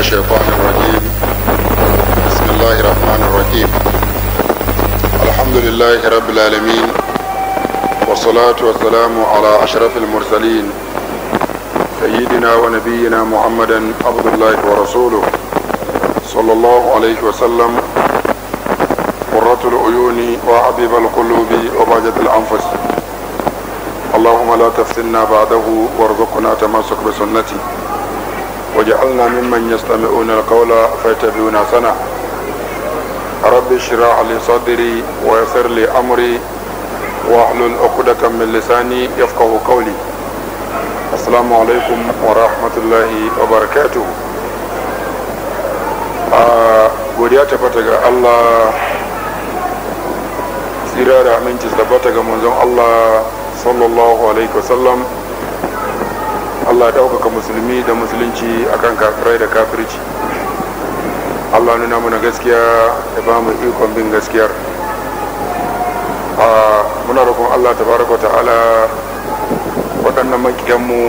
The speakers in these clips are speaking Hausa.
الشيطان الرجيم بسم الله الرحمن الرحيم الحمد لله رب العالمين والصلاة والسلام على أشرف المرسلين سيدنا ونبينا محمدا عبد الله ورسوله صلى الله عليه وسلم قرة العيون وحبيب القلوب وبهجة الأنفس اللهم لا تفتنا بعده وارزقنا تمسك بسنته واجعلنا ممن يستمعون القول فيتبعون سنة رب اشرح لي صدري ويسر لي أمري واحلل عقدة من لساني يفقه قولي السلام عليكم ورحمة الله وبركاته godiya tabbata ga Allah tsira da aminci tabbata ga manzon Allah sallallahu alaihi wasallam Allah ɗaukaka musulmi da musulunci akan kafirai da kafirci Allah nuna mana gaskiya ya ba mu ikon bin gaskiyar a muna roƙon Allah tabaraka ta'ala waɗannan makiyanmu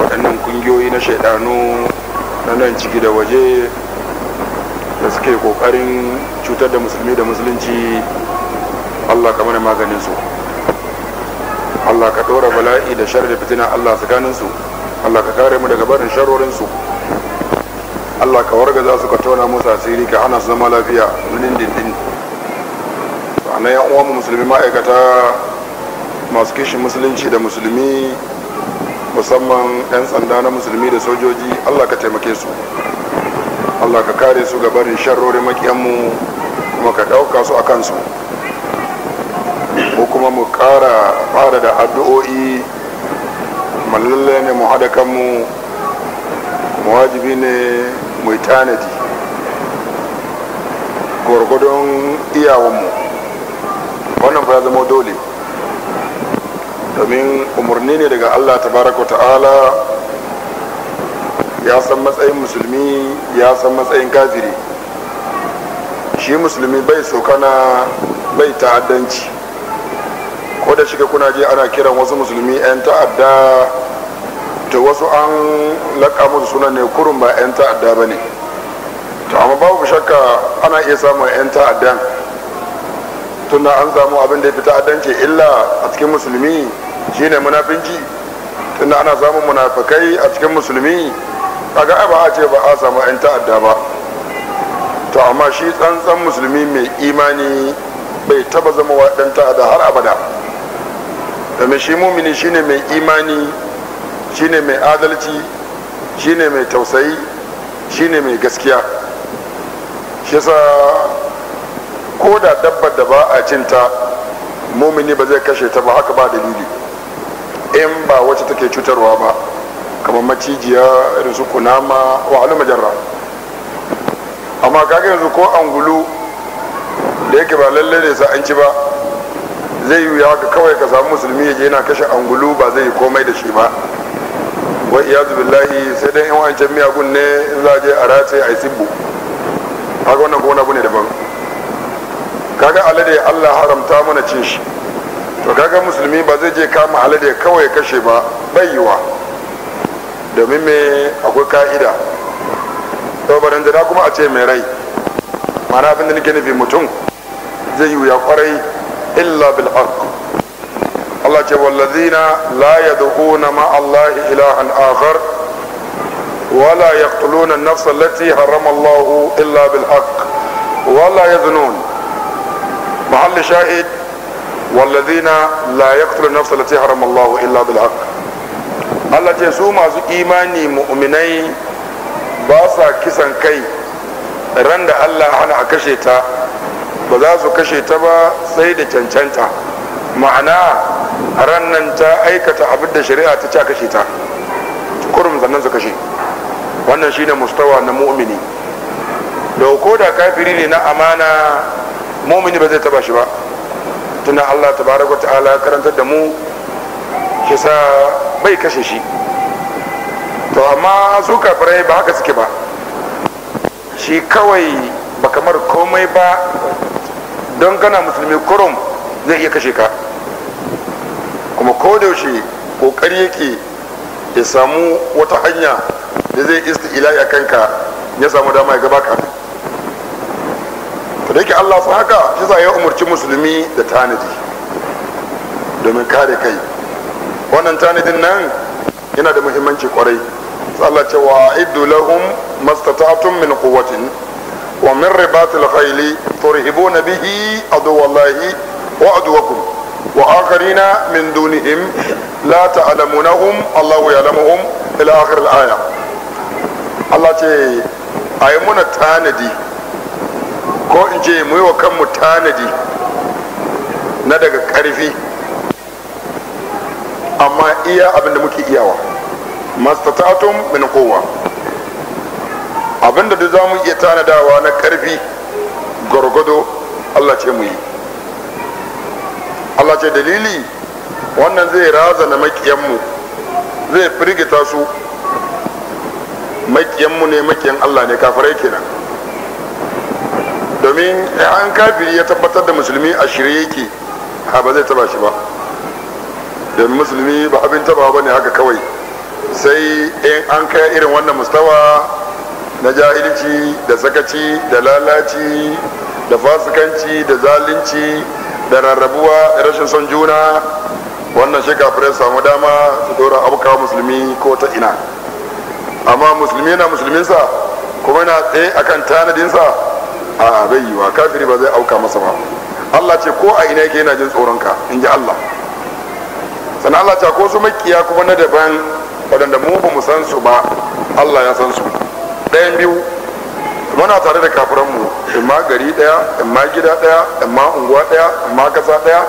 waɗannan ƙungiyoyi na shaidanu na nan ciki da waje da suke ƙoƙarin cutar da musulmi da musulunci Allah kamar maganin su Allah ka dora bala'i da shar da fitina Allah tsakanin su Allah ka kare mu daga barin sharorin su Allah ka za su ka tona musu asiri ka hana su zama lafiya dinin dindin sannan yan uwan musulmi ma'aikata masu kishin musulunci da musulmi musamman 'yan tsanda na musulmi da sojoji allah ka taimake su allah ka kare su ga barin sharorin makiyanmu kuma ka ɗauka su a kansu ko kuma mu kara fara da addu'o'i mallalle ne mu haɗa kanmu mu wajibi ne mu yi tanadi gwargwadon iyawanmu wannan fa ya zama dole domin umarni ne daga allah tabaraka ta'ala ya san matsayin musulmi ya san matsayin kafiri shi musulmi bai sokana bai ta'addanci da shige kuna je ana kiran wasu musulmi 'yan ta'adda ta wasu an laƙa musu sunan ne kurun ba 'yan ta'adda ba ne ta amma babu shakka ana iya samun 'yan ta'addan tunda an samu abin da ya fi ta'addance illa a cikin musulmi shine munafinci tunda ana samun munafakai a cikin musulmi kaga ai ba a ce ba a samu 'yan ta'adda ba to amma shi tsantsan musulmi mai imani bai taba zama wa ɗan ta'adda har abada domin shi mumini shine mai imani shine mai adalci shine mai tausayi shine mai gaskiya shi sa ko da dabbar da ba a cinta mumini ba zai kashe ta ba haka ba dalili in ba wacce take cutarwa ba kamar macijiya irin su kunama wa halu majarra amma kaga yanzu ko angulu da yake ba lallai ne sa an ci ba zai yi haka kawai ka samu musulmi ya je yana kashe angulu ba zai yi komai da shi ba wa iyazu billahi sai dai 'yan wancan miyagun ne in za a je a race a yi sibbu haka wannan gona wani ne daban kaga alade Allah haramta mana cin shi to kaga musulmi ba zai je kama alade kawai kashe ba bai yiwa domin me akwai ka'ida to barandana kuma a ce mai rai Mana abin da nake nufi mutum zai yi wuya kwarai illa bil haqq Allah ce wallazina la yad'una ma Allah ilahan akhar ولا يقتلون النفس التي حرم الله إلا بالحق ولا يذنون محل شاهد والذين لا يقتلون النفس التي حرم الله إلا بالحق Allah ce su masu imani mu'minai ba sa kisan kai ran da Allah hana a kashe ta ba za su kashe ta ba sai da cancanta ma'ana ran ta aikata abin da shari'a ta ce kashe ta kurum sannan su kashe wannan shine mustawa na mu'mini da ko da kafiri ne na amana mu'mini ba zai taba shi ba tuna Allah Ta wa ta'ala karantar da mu kisa bai kashe shi to amma su kafirai ba haka suke ba shi kawai ba kamar komai ba don kana musulmi kurum zai iya kashe ka kuma ko da yaushe kokari yake ya samu wata hanya da zai ilai a kanka ya samu dama ya gabaka Ta da yake Allah su haka shi za ya umarci musulmi da tanadi domin kare kai wannan tanadin nan yana da muhimmanci kwarai Allah iddu lahum mastata'tum min quwwatin wa min ribatil khayli turhibuna bihi aduwallahi wa aduwakum wa akharina min dunihim la ta'lamunahum Allahu ya'lamuhum ila akhir al-aya Allah ce ayi muna tanadi ko in ce mu yi wa kanmu tanadi na daga karfi amma iya abin da muke iyawa mastata'tum min kowa abinda da za mu iya tanadawa na karfi gwargwado allah ce mu yi allah ce dalili wannan zai razana makiyanmu zai firgita su makiyanmu ne makiyan allah ne kafirai kenan domin an kafiri ya tabbatar da musulmi a shirye yake ha ba zai taba shi ba domin musulmi ba abin taba ba ne haka kawai sai in an kai irin wannan mustawa na jahilci da sakaci da lalaci da fasikanci da zalunci da rarrabuwa da rashin son juna wannan shi kafirai samu dama su dora abuka musulmi ko ta ina amma musulmi na musulminsa kuma na tsaye akan tanadinsa a bai wa kafiri ba zai auka masa ba Allah ce ko a ina yake yana jin tsoronka in ji Allah sannan Allah ce ko su makiya kuma na daban waɗanda mu ba mu san su ba Allah ya san su ɗayan biyu muna tare da kafiranmu mu ma gari ɗaya in gida ɗaya in unguwa ɗaya in kasa ƙasa ɗaya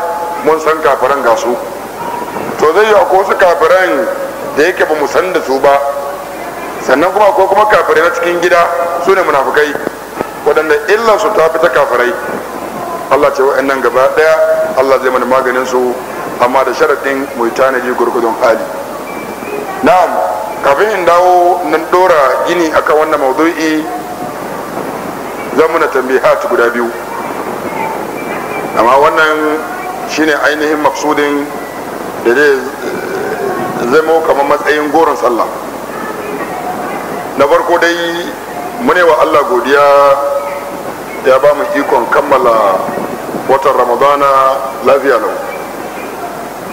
mun san kafiran ga su to zai yi akwai wasu kafiran da yake ba mu san da su ba sannan kuma ko kuma kafirai na cikin gida su ne munafukai waɗanda su ta fi ta kafirai allah ce nan gaba ɗaya allah zai mana maganin su amma da sharaɗin mu tanadi gurgudun hali na'am kafin in dawo nan dora gini akan wannan maudu'i tambi tambihat guda biyu amma wannan shine ainihin maksudin da zai eh, zamo kamar matsayin goron sallah na farko dai mune wa allah godiya ya ba mu ikon kammala watan ramadana lafiya lau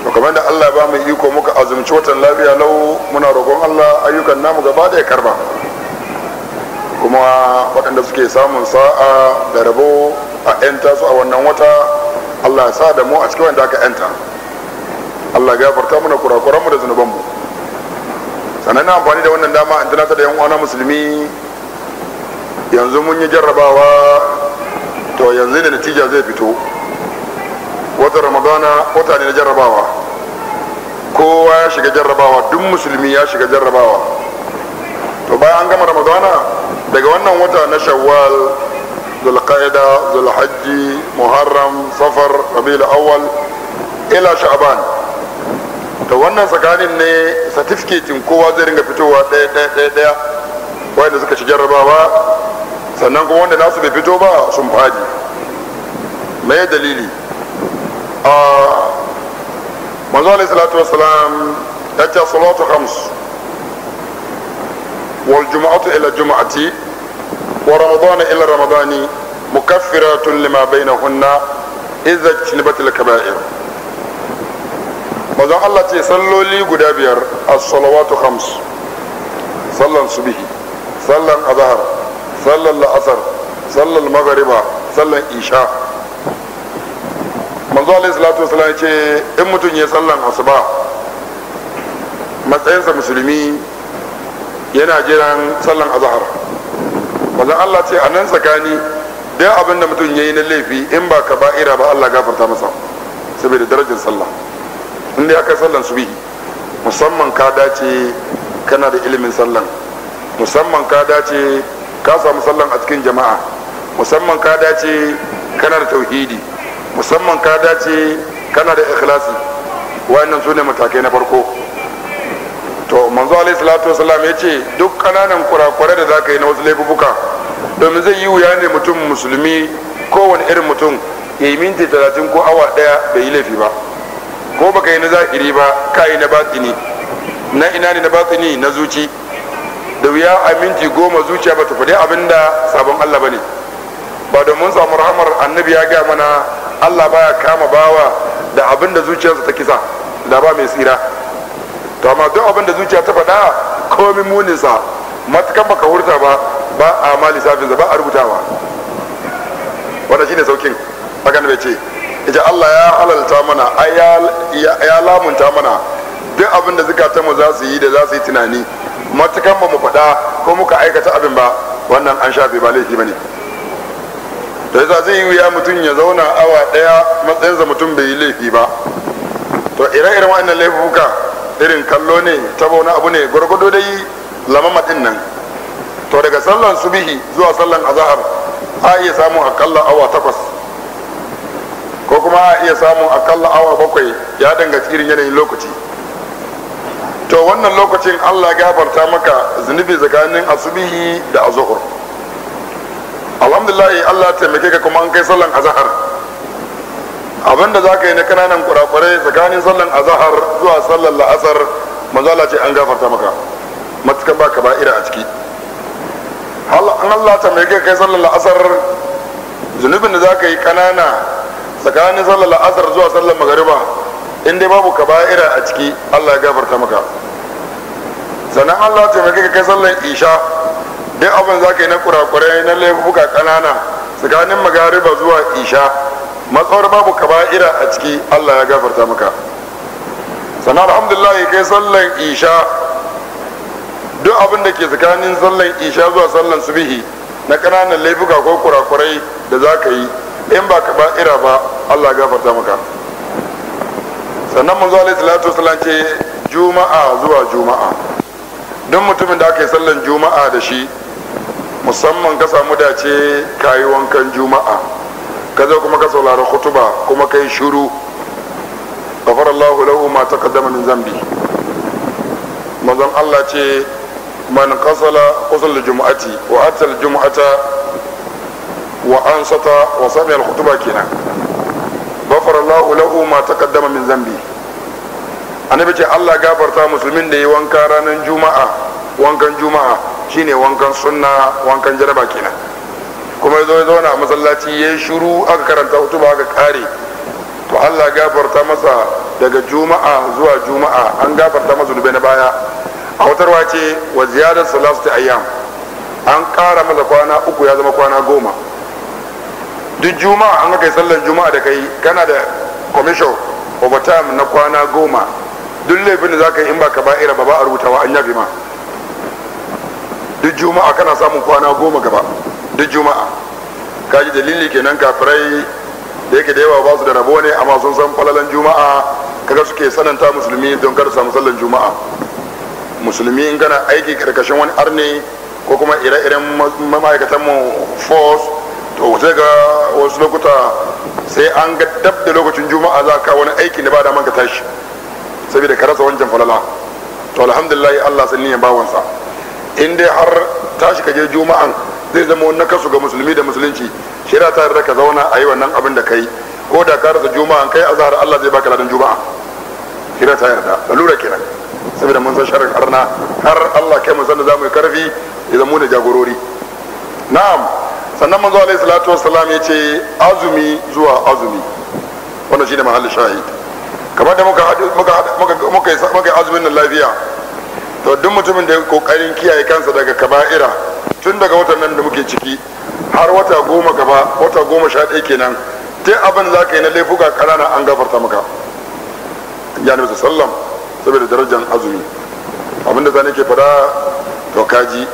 to kamar da Allah ba mu iko muka azumci watan lafiya lau muna roƙon Allah ayyukan namu gaba da ya karba kuma waɗanda suke samun sa'a da rabo a 'yanta su a wannan wata Allah sa da mu a cikin wanda aka 'yanta Allah gafarta mana mu da mu sannan na amfani da wannan dama in ta da yan uwana musulmi yanzu mun yi jarrabawa to yanzu da natija zai fito wata ramadana wata ne na jarrabawa kowa ya shiga jarrabawa duk musulmi ya shiga jarrabawa to bayan an gama ramadana daga wannan wata na shawwal zulqaida zulhajji muharram safar rabiul awwal ila sha'ban to wannan tsakanin ne satifiketin kowa zai ringa fitowa ɗaya ɗaya ɗaya ɗaya wanda suka ci jarrabawa sannan kuma wanda nasu bai fito ba sun faɗi me dalili manzo alayhi salatu wassalam ya ce salatu khams wal jumu'atu ila jumu'ati wa ramadan ila ramadani mukaffiratun lima bainahunna idza kaba'ir manzo Allah ce salloli guda biyar as-salawatu khams sallan subhi sallan azhar sallan la'asar sallan maghriba sallan isha manzo alaihi salatu wasallam ce in mutum ya sallan asuba matsayinsa musulmi yana jiran sallan azhar wannan Allah ce a nan tsakani duk abin da mutum yayi na laifi in ba ka ba'ira ba Allah gafarta masa saboda darajar sallah in dai aka sallan bi musamman ka dace kana da ilimin sallan musamman ka dace ka samu sallan a cikin jama'a musamman ka dace kana da tauhidi musamman ka dace kana da ikhlasi wayannan sune matakai na farko to manzo alayhi salatu wasallam ya ce duk kananan kurakure da zaka yi na wasu laifuka domin zai yi wuya ne mutum musulmi kowane irin mutum ya yi minti talatin ko awa daya bai yi laifi ba ko baka yi na zahiri ba ka yi na batini na ina ne na batini na zuci da wuya a minti goma zuciya ba ta faɗi abin da sabon allah ba ne ba domin samu rahamar annabi ya gaya mana allah baya kama bawa da abin da zuciyarsa ta kisa da ba mai tsira to amma duk abin da zuciya ta faɗa komin muninsa matukan baka hurta ba ba a ma lissafinsa ba a rubutawa wanda shine saukin hakan bai ce ita allah ya halalta mana ya lamunta mana duk abin da mu za su yi da za su yi tunani matukan ba mu faɗa ko muka aikata abin ba wannan an shafe ba laifi ba ne da yasa zai yi wuya mutum ya zauna awa daya matsayinsa mutum bai yi laifi ba to ire-iren wa'annan laifuka irin kallo ne tabo na abu ne gwargwado dai lamama din nan to daga sallan subihi zuwa sallan azahar a iya samu akalla awa takwas ko kuma a iya samun akalla awa bakwai ya dangaci irin yanayin lokaci to wannan lokacin allah gafarta maka zunubi tsakanin asubihi da azuhur alhamdulillah Allah taimake ka kuma an kai sallan azahar abinda za ka yi na kananan kurakurai tsakanin sallan azahar zuwa sallan la'asar manzala ce an gafarta maka matukan ba ka ira a ciki an Allah taimake ka kai sallan la'asar zunubin da za ka yi kanana tsakanin sallan la'asar zuwa sallan magariba in dai babu ka ira a ciki Allah ya gafarta maka sannan Allah taimake ka kai sallan isha in abin za ka yi na kurakurai na laifuka ƙanana tsakanin magariba zuwa isha matsawar babu kaba'ira a ciki allah ya gafarta maka sannan alhamdulillah kai sallan isha duk abin da ke tsakanin sallan isha zuwa sallan subihi na kananan laifuka ko kurakurai da za ka yi in ba kaba'ira ba allah ya gafarta maka sannan manzo alaihi salatu wasallam ce juma'a zuwa juma'a don mutumin da aka yi sallan juma'a da shi musamman ka samu dace ka yi wankan juma'a ka zo kuma ka saurari hutuba kuma ka yi shuru gafar allahu lahu ma ta kaddama min zambi manzon allah ce man kasala kusur juma'ati wa atal juma'ata wa an sata wa sami al-hutuba kenan gafar allahu lahu ma ta kaddama min zambi annabi ce allah gafarta musulmin da yi wanka ranar juma'a wankan juma'a shine wankan sunna wankan jaraba kenan kuma yazo yazo ya masallaci ya shiru aka karanta hutuba aka kare to allah gafarta masa daga juma'a zuwa juma'a an gafarta masa zunubai na baya a wutarwa ce wa ziyadar salatu ayyam an kara masa kwana uku ya zama kwana goma duk juma'a an kai sallar juma'a da kai kana da commission overtime na kwana goma duk laifin da zaka ka yi in ba ka ba'ira ba ba a rubutawa an yafi ma duk juma'a kana samun kwana goma gaba duk juma'a kaji dalili kenan kafirai da yake da yawa ba su da rabo ne amma sun san falalan juma'a kaga suke sananta musulmi don kada samu sallan juma'a musulmi in kana aiki karkashin wani arne ko kuma ire-iren ma'aikatan mu force to sai ga wasu lokuta sai an ga dab da lokacin juma'a za ka wani aiki da ba da man ka tashi saboda ka rasa wancan falala to alhamdulillah Allah sanni ya bawansa in dai har tashi ka je juma'an zai zama wani kasu ga musulmi da musulunci shirya ta yarda ka zauna a yi wannan abin da ka yi ko da ka rasa juma'an kai azhar Allah zai baka ladan juma'a shirya ta yarda lalura kenan saboda mun san sharar arna har Allah kai mun san da zamu yi karfi ya zama da jagorori na'am sannan manzo alaihi salatu wassalam ya ce azumi zuwa azumi wannan shine mahallin shahid kamar da muka muka muka muka azumin lafiya to duk mutumin da ya kokarin kiyaye kansa daga kaba'ira tun daga watan nan da muke ciki har wata goma gaba wata goma sha ɗaya kenan tun abin za ka yi na laifuka ƙanana an gafarta maka ya nabi sallam saboda darajar azumi abinda zane ke fada to kaji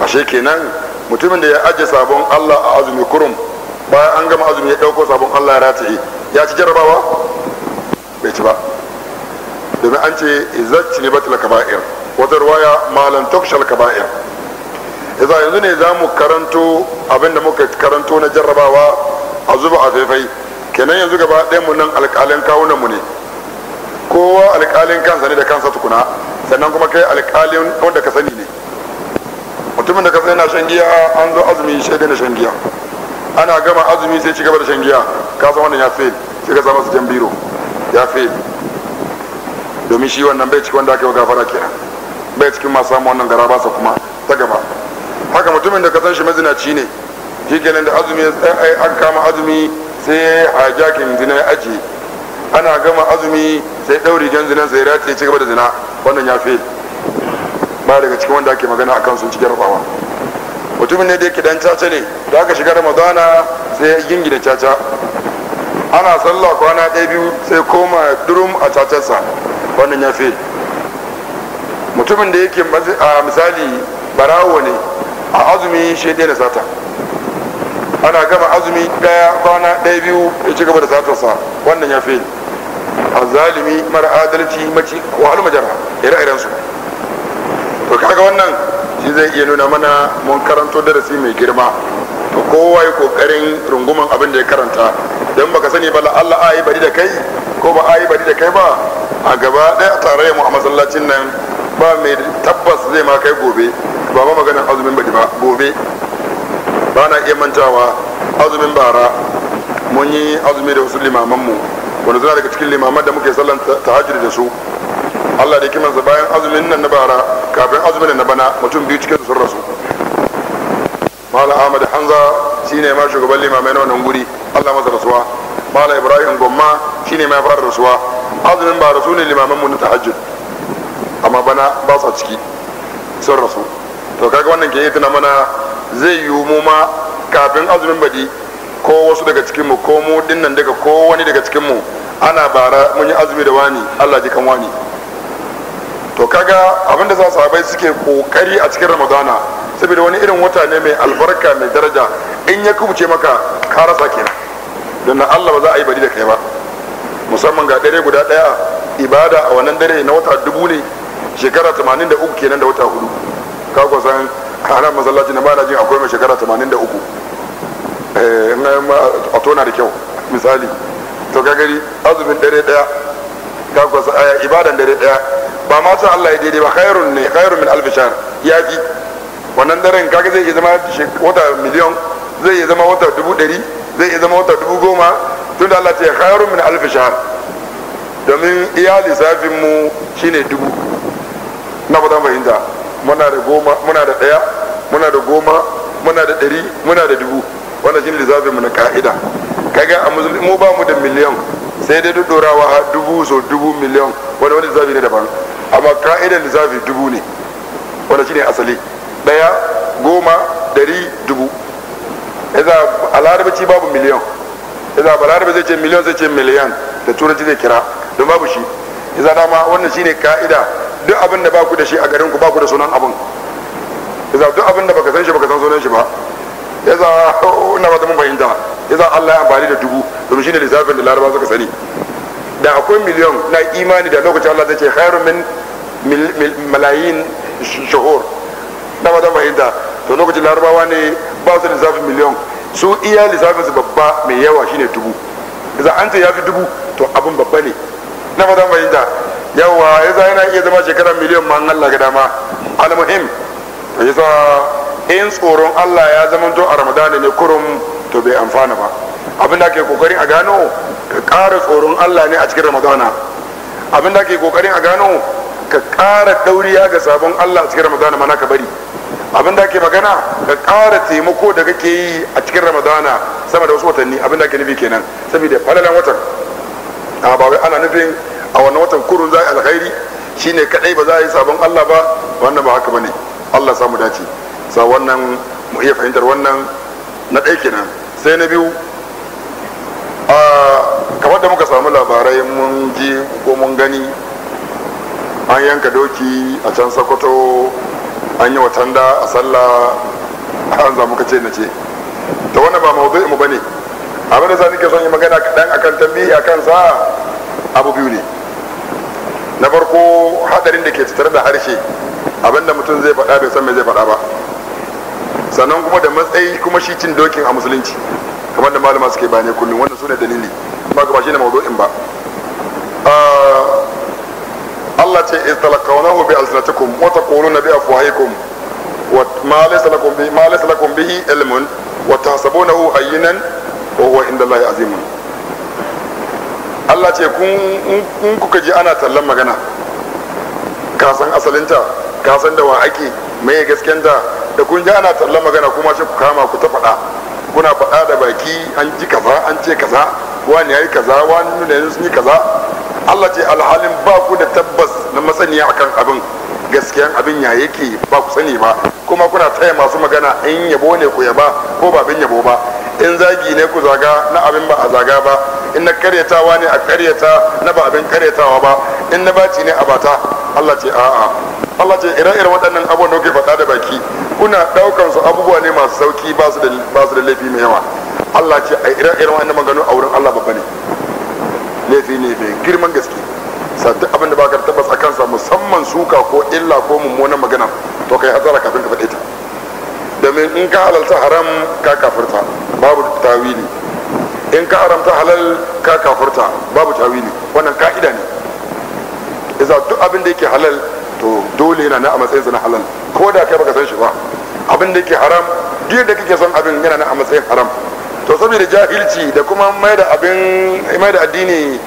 ashe kenan mutumin da ya ajiye sabon Allah a azumi kurum bayan an gama azumi ya ɗauko sabon Allah ya rataye ya ci jarabawa bai ci ba domin an ce ci ne batula kaba'ira. baya malam tukshal kaba'ir yasa yanzu ne za mu karanto abinda muka karanto na jarrabawa a zuba a faifai kenan yanzu gaba ɗaya mu nan alƙalin kawunan mu ne kowa alƙalin kansa ne da kansa tukuna sannan kuma kai alƙalin wanda ka sani ne mutumin da ka sani na shan giya an zo azumi shaidai na shan giya ana gama azumi sai ci gaba da shan giya ka san wannan ya fail sai ka samu su jan biro ya fail domin shi wannan bai ci wanda aka yi gafara kenan bai cikin masu samun wannan gara basa kuma ta gaba haka mutumin da ka san shi mazinaci ne shi kenan da azumi an kama azumi sai ya yi hajjakin zina ya ajiye ana gama azumi sai ɗauri jan zinan sai rati ya ci gaba da zina wannan ya fi ba daga cikin wanda ake magana akan sun ci jarabawa mutumin ne da yake dan caca ne da aka shiga ramadana sai ya gingina caca ana sallah kwana ɗaya biyu sai koma durum a cacarsa wannan ya fi mutumin da yake a misali barawo ne a azumi shi da sata ana gama azumi daya kwana daya biyu ya ci gaba da satarsa wannan ya fi a zalimi mara adalci maci wahalu majara ire-iren su to kaga wannan shi zai iya nuna mana mun karanto darasi mai girma to kowa yi kokarin runguman abin da ya karanta don baka sani ba la Allah ayi bari da kai ko ba ayi bari da kai ba a gaba daya tare mu a masallacin nan ba mai tabbas zai ma kai gobe ba ma maganin azumin baki ba gobe ba na iya mantawa azumin bara mun yi azumi da wasu limamanmu wanda zana daga cikin limaman da muke sallan ta tahajjud da su Allah da kimansa bayan azumin nan na bara kafin azumin nan na bana mutum biyu cikin sun rasu mala ahmad hanza shine ma shugaban limamai na wannan guri Allah masa rasuwa mala ibrahim gomma shine ma ya fara rasuwa azumin bara su ne limamanmu na tahajjud amma bana ba sa ciki sun rasu to kaga wannan ke tuna mana zai yiwu mu ma kafin azumin badi ko wasu daga cikin mu ko mu dinnan daga ko wani daga cikin mu ana bara mun yi azumi da wani Allah ji kan wani to kaga abin da sa sahabbai suke kokari a cikin ramadana saboda wani irin wata ne mai albarka mai daraja in ya kubuce maka ka rasa kenan don Allah ba za a yi bari da kai ba musamman ga dare guda daya ibada a wannan dare na wata dubu ne shekara 83 kenan da wata hudu ka ku san haram masallaci na bana jin akwai mai shekara 83 eh a tona da kyau misali to ka gari azumin dare daya ka ku san aya eh, ibadan dare daya ba ma san Allah ya daidai ba khairun ne khairun min alf shahr fi wannan daren kaga zai zama wata miliyon zai iya zama wata dubu dari zai iya zama wata dubu goma tun da Allah ce ya khairun min alf shahr domin iya lissafin mu shine dubu na ba zama inda muna da goma muna da ɗaya muna da goma muna da dari muna da dubu wannan shine lissafin mu na ka'ida kaga a musulmi mu ba mu da miliyan sai dai duk dorawa dubu so dubu miliyan wani wani lissafi ne daban amma ka'idar lissafi dubu ne wanda shine asali ɗaya goma dari dubu yanzu a larabci babu miliyan yanzu a larabci zai ce miliyan zai ce miliyan da turanci zai kira don babu shi yanzu dama wannan shine ka'ida duk abin da baku da shi a garin ku baku da sunan abin yaza duk abin da baka san shi baka san sunan shi ba yaza ina ba ta mun fahimta yaza Allah ya amfani da dubu domin shine lissafin da Laraba suka sani da akwai miliyon na imani da lokacin Allah zai ce khairun min malayin shuhur na ba ta fahimta to lokacin Larabawa ne ba su lissafin miliyon su iya lissafin su babba mai yawa shine dubu yaza an ce ya fi dubu to abin babba ne na ba ta fahimta yawa ya za yana iya zama shekara miliyan ma Allah ga dama almuhim to yasa in tsoron Allah ya zama to a ramadana ne kurum to bai amfana ba abin da ke kokarin a gano ka kara tsoron Allah ne a cikin ramadana abin da ke kokarin a gano ka kara dauriya ga sabon Allah a cikin ramadana mana ka bari abin da ke magana ka kara taimako da kake yi a cikin ramadana sama da wasu watanni abin da ke nufi kenan saboda falalan watan a ah, ba ana nufin a wannan watan kurun za a yi alkhairi shine kadai ba za a yi sabon Allah ba wannan ba haka bane Allah samu dace sa wannan mu iya fahimtar wannan na ɗaya kenan sai na biyu a kamar da muka samu labarai mun ji ko mun gani an yanka doki a can sokoto an yi da a sallah an za muka ce na ce ta wannan ba mu bane abin da sa nake son yi magana kaɗan akan tambayi akan sa abu biyu ne na farko hadarin da ke tattare da harshe abinda mutum zai faɗa bai san mai zai faɗa ba sannan kuma da matsayi kuma shi cin dokin a musulunci kamar da malama suke bayane kullum wannan su ne dalili ba ga ba shi ne mawdu'in ba ah, Allah ce istalaqawnahu bi alsinatikum wa taquluna bi afwahikum wa ma laysa lakum bi ma laysa lakum bihi ilmun wa tahsabunahu hayyinan wa huwa inda Allahi azimun Allah ce kun kuka ji ana tallan magana ka san asalinta ka san da wa ake mai gaskenta da kun ji ana tallan magana kuma shi ku kama ku ta faɗa kuna faɗa da baki an ji kaza an ce kaza wani yayi kaza wani nuna yanzu sun yi kaza Allah ce alhalin ba ku da tabbas na masaniya akan abin gaskiyan abin ya yake ba ku sani ba kuma kuna taya masu magana in yabo ne ku yaba ko ba bin yabo ba in zagi ne ku zaga na abin ba a zaga ba in na karyatawa ne a karyata na ba abin karyatawa ba in na baci ne a bata Allah ce a'a Allah ce ire-iren waɗannan abubuwan da kuke faɗa da baki kuna ɗaukan su abubuwa ne masu sauki ba su da laifi mai yawa Allah ce a ire-iren waɗannan maganganu a wurin Allah babba ne laifi ne mai girman gaske sa duk abin da baka tabbas a kansa musamman suka ko illa ko mummunan magana to kai hazara kafin ka musulun in ka halalta haram ka kafirta babu tawili in ka haramta halal ka kafirta babu tawili wannan ka'ida ne isa duk abin da yake halal to dole yana na a matsayin na halal ko da kai baka san shi ba abin da yake haram duk da kake son abin yana na a matsayin haram to saboda jahilci da kuma mai da abin mai da addini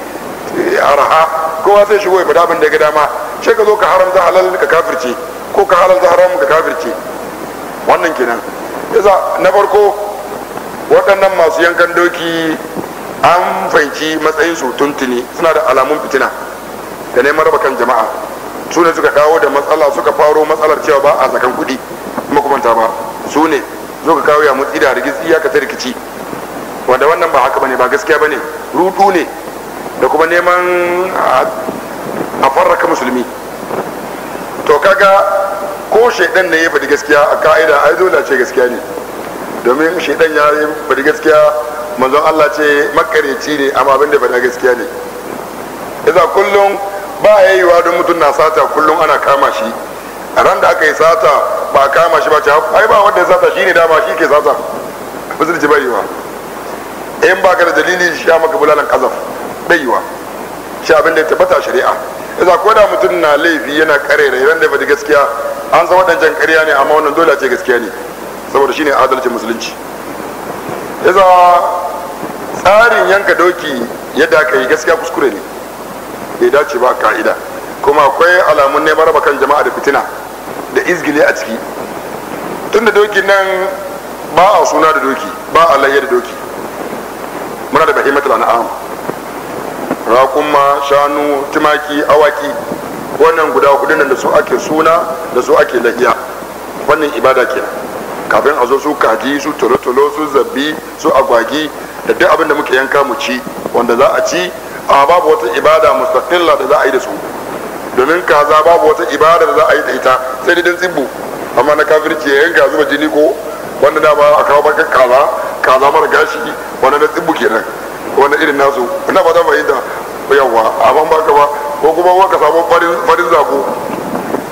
eh, arha kowa sai shigo ya faɗa abin da ya ga dama sai ka zo ka haramta halal ka kafirce ko ka halalta haram ka kafirce wannan kenan yasa na farko waɗannan masu yankan doki an fahimci matsayin su tuntuni suna da alamun fitina da neman raba jama'a su ne suka kawo da matsala suka faro matsalar cewa ba a zakan kuɗi ta ba su ne suka kawo ya mutsi da rigis iyaka ta rikici wanda wannan ba haka bane ba gaskiya bane rutu ne da kuma neman a farraka musulmi to kaga ko shaidan ne ya faɗi gaskiya a ka'ida ai dole ce gaskiya ne domin shaidan ya yi faɗi gaskiya manzon Allah ce makareci ne amma abin da faɗa gaskiya ne iza kullum ba ya yi wa don mutum na sata kullum ana kama shi a ran da aka yi sata ba a kama shi ba ce ai ba wanda ya sata shi ne dama shi ke sata musulunci bai yiwa in ba ka da dalili shi ya maka bulalan kazaf bai yiwa shi abin da ya tabbata shari'a yasa ko da mutum na laifi yana kare da idan da ba gaskiya an san waɗancan karya ne amma wannan dole ce gaskiya ne saboda shine adalcin musulunci yasa tsarin yanka doki yadda aka yi gaskiya kuskure ne bai dace ba ka'ida kuma akwai alamun ne raba kan jama'a da fitina da izgile a ciki tunda doki nan ba a suna da doki ba a layya da doki muna da bahimatul an'am raƙuma shanu tumaki awaki wannan guda hudu da su ake suna da su ake lahiya wannan ibada kenan kafin a zo su kaji su tolotolo su zabi su agwagi da duk abin da muke yanka mu ci wanda za a ci a babu wata ibada mustaqilla da za a yi da su domin kaza babu wata ibada da za a yi da ita sai dai tsibbu amma na kafirci ya yanka zuba jini ko wanda da ba a kawo baka kaza kaza mara gashi wanda na tsibbu kenan wani irin nasu na ba ta fahimta yawa a ban baka ba ko kuma wa ka samu farin zabo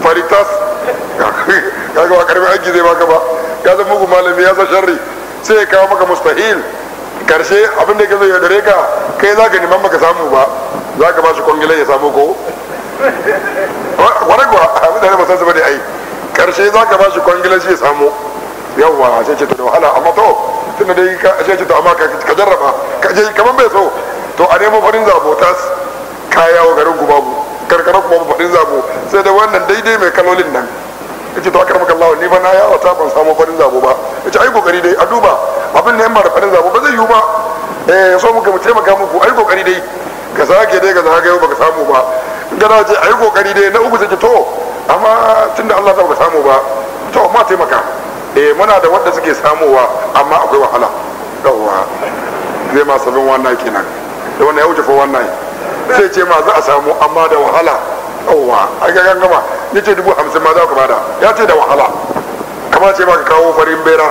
faritas kaga ba karfi aiki zai baka ba ya zama mugu malami ya sa sharri sai ya kawo maka mustahil karshe abin da ke zo ya dare ka kai za ka neman maka samu ba za ka ba shi kwangilai ya samu ko wani kuwa abin da ne ba san su bane ai karshe za ka ba shi kwangilai shi ya samu yawwa sai ce to da wahala amma to da dai sai ce to amma ka jarraba ka je kaman bai so to a nemo farin zabo tas kaya wa garin ku babu karkara ku babu farin zabo sai da wannan daidai mai kalolin nan yace to akar maka Allah ni ba na yawa ta ban samu farin zabo ba yace ai kokari dai a duba abin da yamma da farin zabo ba zai yiwu ba eh so muka mu taimaka muku ai kokari dai ka sake dai ka zaga yau baka samu ba inda na ce ai kokari dai na uku sai to amma tunda Allah ta baka samu ba to ma taimaka eh muna da wadda suke samowa amma akwai wahala yawwa zai ma sabin wannan kenan da wannan ya wuce fa wannan sai ce ma za a samu amma da wahala yawwa a ga gama ni ce dubu hamsin ma za ku bada ya ce da wahala kamar ce ma ka kawo farin bera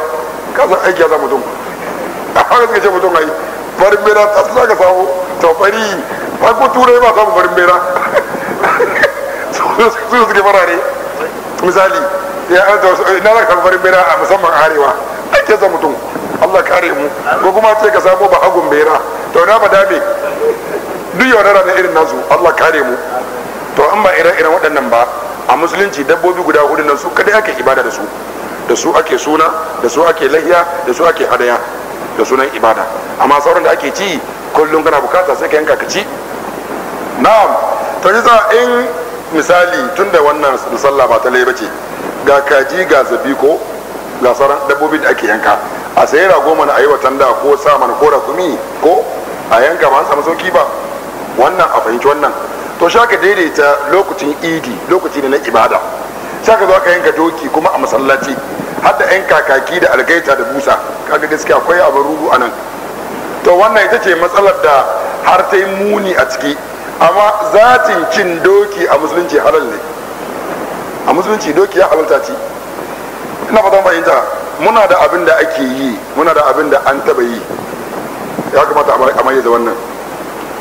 ka san aiki ya za mutum a haka suka ce mutum ai farin bera ta za ka samu to fari ba ku turai ba samu farin bera su suke farare misali ya an wasu ina eh, za ka farin bera a musamman arewa ake zan mutum allah kare mu ko kuma ce ka samu ba hagun bera to na ba dame duk yau na irin nasu allah kare mu to an ba ire-iren waɗannan ba a musulunci dabbobi guda hudu nan su kadai ake ibada da su da su ake suna da su ake lahiya da su ake hadaya da sunan ibada amma sauran da ake ci kullum kana bukata sai ka yanka ka ci na'am to yi in misali tun da wannan sallah ba ta laiba ce ga kaji ga ko ga sauran dabbobi da ake yanka a sayi rago mana a yi watan da ko sa mana ko rakumi ko a yanka ba samu sauki ba wannan a fahimci wannan to shaka daidaita lokacin idi lokaci ne na ibada shaka zo ka yanka doki kuma a masallaci har da yan kakaki da algaita da busa kaga gaskiya akwai abin rubu a nan to wannan ita ce matsalar da har ta yi muni a ciki amma zatin cin doki a musulunci halal ne a musulunci doki ya halalta ci ina fatan fahimta muna da abin da ake yi muna da abin da an taba yi ya kamata a mayyaza wannan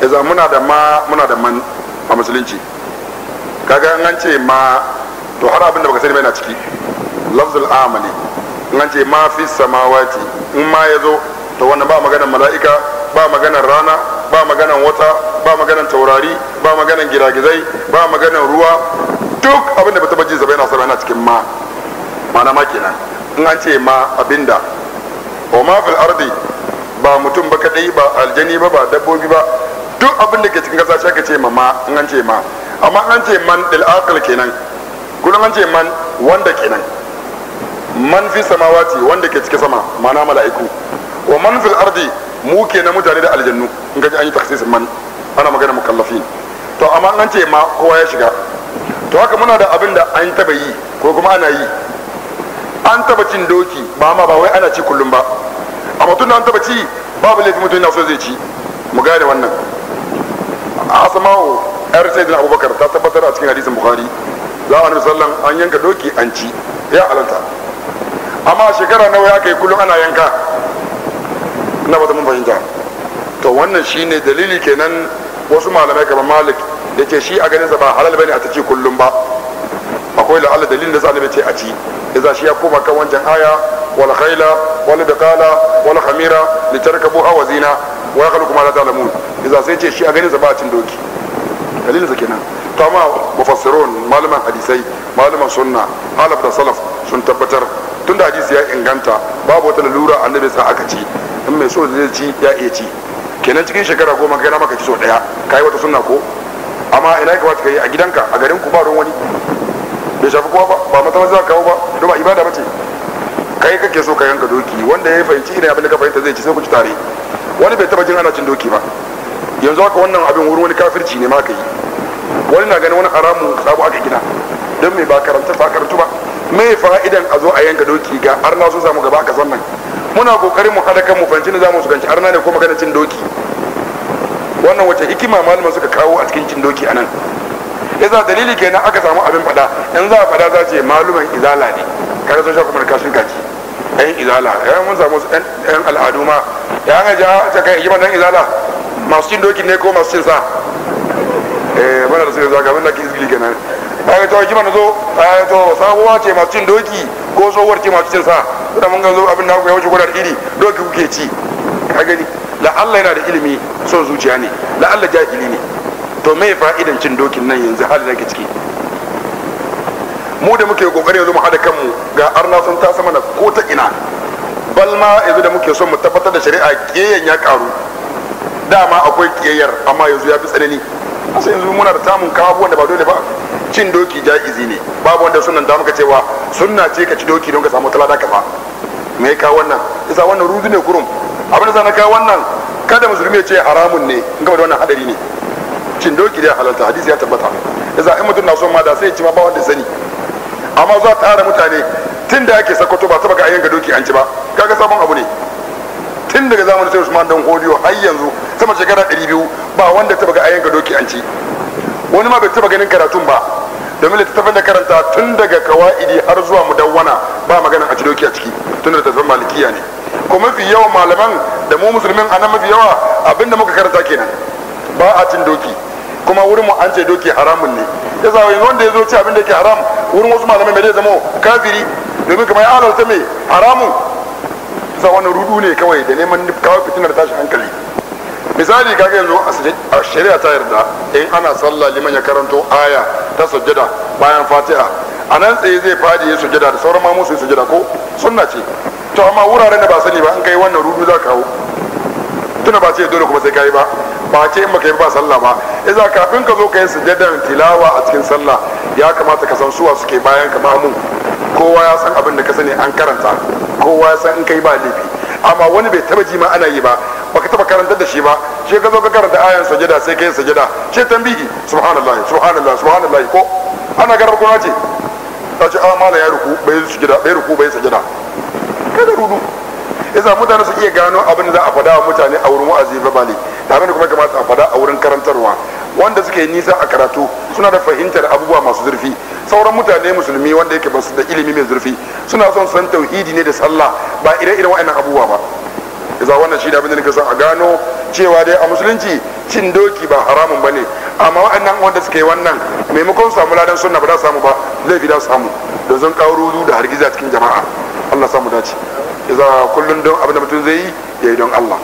yanzu muna da ma muna da man a musulunci kaga an ce ma to har abin da baka sani bai na ciki lafzul amali an ce ma fi samawati in ma ya zo to wannan ba maganar mala'ika ba maganar rana ba maganan wata ba maganan taurari ba maganan giragizai ba maganan ruwa duk abin da ba taba ji zaba yana sama cikin ma mana ma kenan in an ce ma abinda o ma fil ardi ba mutum ba kadai ba aljani ba ba dabbobi ba duk abin da ke cikin kasa shi ce ma ma in an ce ma amma an ce man dil aqil kenan kullum an ce man wanda kenan man fi samawati wanda ke cikin sama mana mala'iku wa man fil ardi mu ke na mutane da aljannu in gaji an yi taksisin man ana magana mukallafin to amma an ce ma kowa ya shiga to haka muna da abin da an taba yi ko kuma ana yi an taba cin doki ba ma ba wai ana ci kullum ba amma tun da an taba ci babu laifin mutum na so zai ci mu gane wannan asma'u yar sayyidina abubakar ta tabbatar a cikin hadisin bukhari za a nufi sallan an yanka doki an ci ya alanta amma shekara nawa ya kai kullum ana yanka na ba mun fahimta to wannan shine dalili kenan wasu malamai kamar malik da ke shi a sa ba halal bane a ta ci kullum ba akwai Allah dalilin da sa ne ce a ci idan shi ya koma kan wancan aya wal khayla wal biqala wal khamira litarkabuha wa zina wa yakhluqu ma la ta'lamun idan sai ce shi a sa ba a cin doki dalilin sa kenan to amma mufassirun malaman hadisai malaman sunna halaf da salaf sun tabbatar tunda hadisi ya inganta babu wata lalura annabi sa aka ci in mai so zai ci ya iya ci kenan cikin shekara goma kai na maka ci so daya kai wata sunna ko amma ina ka wata kai a gidanka a garin ku ba ruwan wani bai shafi kowa ba ba mata za kawo ba don ba ibada bace kai kake so ka yanka doki wanda ya fahimci ina abin da ka fahimta zai ci sai ku ci tare wani bai taba jin ana cin doki ba yanzu haka wannan abin wurin wani kafirci ne ma ka yi wani na ganin wani haramu sabu aka gina don mai ba karanta ba karatu ba mai fa'idan a zo a yanka doki ga har na so samu gaba aka nan. muna kokarin mu hada mu fanci ne za mu su ganci arna ne ko magana cin doki wannan wace hikima malama suka kawo a cikin cin doki anan yasa dalili kenan aka samu abin fada in za a fada za ce maluman izala ne kaga sun sha kuma kashin kaji yan izala yan mun samu yan al'adu ma ya ga ja ta kai yiman dan izala masu cin doki ne ko masu cin sa eh bana da sai zaga bana ki izgili kenan kaga to yaman zo to sabuwa ce masu cin doki ko tsohuwar ce masu cin sa da mun ga zo abin da ya wuce gudanar iri doki kuke ci ka gani la'alla yana da ilimi son zuciya ne la'alla jahili ne to me fa'idan cin dokin nan yanzu hali da ke ciki mu da muke kokari yanzu mu hada kanmu ga arna sun ta sama na ko ta ina bal ma yanzu da muke son mu tabbatar da shari'a kiyayen ya karu dama akwai kiyayyar amma yanzu ya fi tsanani asa yanzu muna da tamun kawo wanda ba dole ba cin doki ja'izi ne babu wanda sunan da muka cewa sunna ce ka ci doki don ka samu talada kafa me ka wannan isa wannan rudu ne kurum abin da zana ka wannan kada musulmi ya ce haramun ne in wannan hadari ne cin doki da halalta hadisi ya tabbata isa in mutum na son ma da sai ci ma ba wanda sani amma za ta mutane tun da ake sakwato ba taba ga ayyanka doki an ci ba kaga sabon abu ne tun daga zamanin sai usman dan hodiyo har yanzu sama shekara 200 ba wanda taba ga ayyanka doki an ci wani ma bai taba ganin karatun ba domin littattafan da karanta tun daga kawa'idi har zuwa mudawwana ba magana a ci doki a ciki tun da littattafan malikiya ne ko mafi yawan malaman da mu musulmin a nan mafi yawa abinda muka karanta kenan ba a cin doki kuma wurin mu an ce doki haramun ne ya sa yanzu wanda ya zo ci abin da yake haram wurin wasu malamai bai zai zama kafiri domin kamar ya halarta mai haramun sa wani rudu ne kawai da neman kawo fitinar tashin hankali misali kaga yanzu a shari'a ta yarda in ana sallah liman ya karanto aya ta sujjada bayan fatiha a nan tsaye zai fadi ya sujjada da sauran mamu musu sujjada ko sunna ce to amma wuraren da ba sani ba an kai wannan rudu za kawo tuna ba ce dole kuma sai kai ba ba ce in baka yi ba sallah ba idan kafin ka zo ka yi tilawa a cikin sallah ya kamata ka san suwa suke bayan ka mamu kowa ya san abin da ka sani an karanta kowa ya san in kai ba laifi amma wani bai taba ji ma ana yi ba baka taba karantar da shi ba shi ka zo ka karanta ayan sajada sai kai sajada shi tambihi subhanallah subhanallah subhanallah ko ana garar kuna ce ta ce a ah, mala ya ruku bai sujada bai ruku bai sajada kada rudu idan mutane su iya gano abin da za a fada wa mutane a wurin wa'azi ba bale tare da kuma kamata a faɗa a wurin karantarwa wanda suke nisa a karatu suna da fahimtar abubuwa masu zurfi sauran mutane musulmi wanda yake basu da ilimi mai zurfi suna son san tauhidi ne da sallah ba ire iren wa'annan abubuwa ba yasa wannan shi da abin da nake son a gano cewa dai a musulunci cin doki ba haramun bane amma wa'annan wanda suka wannan maimakon samu ladan sunna ba za su samu ba laifi da samu da zan kawo da hargiza cikin jama'a Allah samu dace yasa kullun don abin da mutum zai yi ya yi don Allah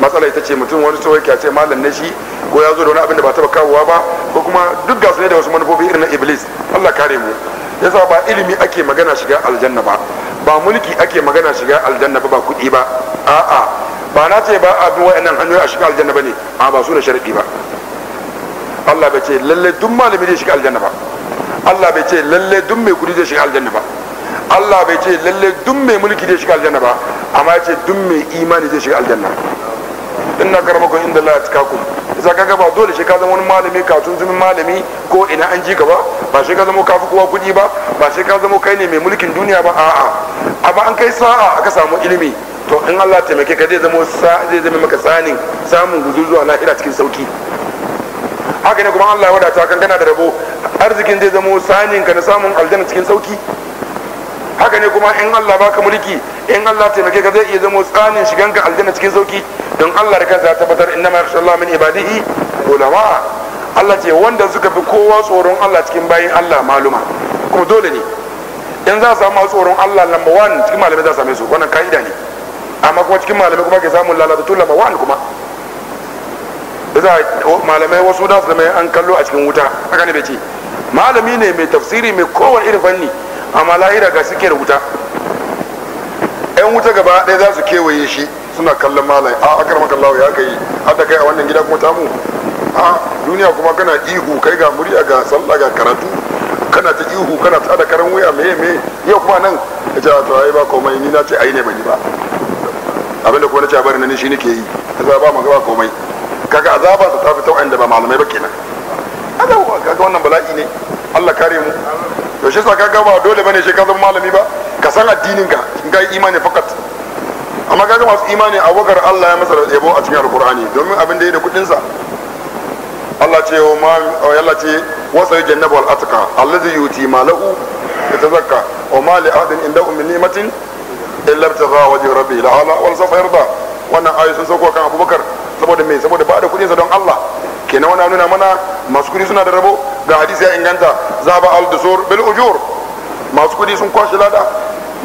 matsala ita ce mutum wani tsohon kyace malam ne shi ko ya zo da wani abin da ba taba kawowa ba ko kuma duk gasu ne da wasu manufofi irin na iblis allah kare mu yasa ba ilimi ake magana shiga aljanna ba ba mulki ake magana shiga aljanna ba ba kuɗi ba a'a ba na ce ba a bi wa'annan hanyoyi a shiga aljanna ba ne a ba su da sharaɗi ba allah bai ce lalle duk malami zai shiga aljanna ba allah bai ce lalle duk mai kuɗi zai shiga aljanna ba allah bai ce lalle duk mai mulki zai shiga aljanna ba amma ya ce duk mai imani zai shiga aljanna inna karamakum inda Allah atqakum isa kaga ba dole shi ka zama wani malami ka tunzumin malami ko ina an ji ka ba ba shi ka zama kafi kowa kudi ba ba shi ka zama kai ne mai mulkin duniya ba a'a amma an kai sa'a aka samu ilimi to in Allah taimake ka zai zama zai zama maka tsanin samun guzu zuwa lahira cikin sauki haka ne kuma Allah ya wadata kan kana da rabo arzikin zai zama sanin ka na samun aljanna cikin sauki haka ne kuma in Allah baka mulki in Allah taimake ka zai iya zama tsanin shiganka aljanna cikin sauki don Allah da kansa ya tabbatar inna ma yakhshallaha min ibadihi ulama Allah ce wanda suka fi kowa tsoron Allah cikin bayin Allah maluma kuma dole ne in za a samu masu tsoron Allah number one cikin malamai za a same su wannan ka'ida ne amma kuma cikin malamai kuma ke samun lalatattu number one kuma malamai wasu da su zama an kallo a cikin wuta haka ne bai ce malami ne mai tafsiri mai kowane irin fanni amma lahira ga suke da wuta 'yan wuta gaba ɗaya za su kewaye shi suna kallon malai a akar makallawa ya kai hada kai a wannan gida kuma tamu a duniya kuma kana ihu kai ga murya ga sallah ga karatu kana ta ihu kana ta da karan wuya me me yau kuma nan ya ce ta yi ba komai ni na ce ai ne ban yi ba abinda kuma na ce bari na ni shi nake yi ta ba ma ga ba komai kaga azaba ta tafi ta wanda ba malamai ba kenan haka kaga wannan bala'i ne Allah kare mu to shi sa kaga ba dole bane shi ka zama malami ba ka san addinin ka in ga imani fakat amma kaga masu imani abubakar Allah ya masa yabo a cikin alkur'ani domin abin da ya da kudin sa Allah ce wa ma Allah ce wasa jannabu al atqa allazi yuti malahu yatazakka wa ma li ahadin indahu min ni'matin illa ibtigha wajhi rabbi la ala wal safa yarda wannan ayoyi sun sauko kan abubakar saboda me saboda ba da kudin sa don Allah kenan wannan nuna mana masu kudi suna da rabo ga hadisi ya inganta ba al dusur bil ujur masu kudi sun kwashi lada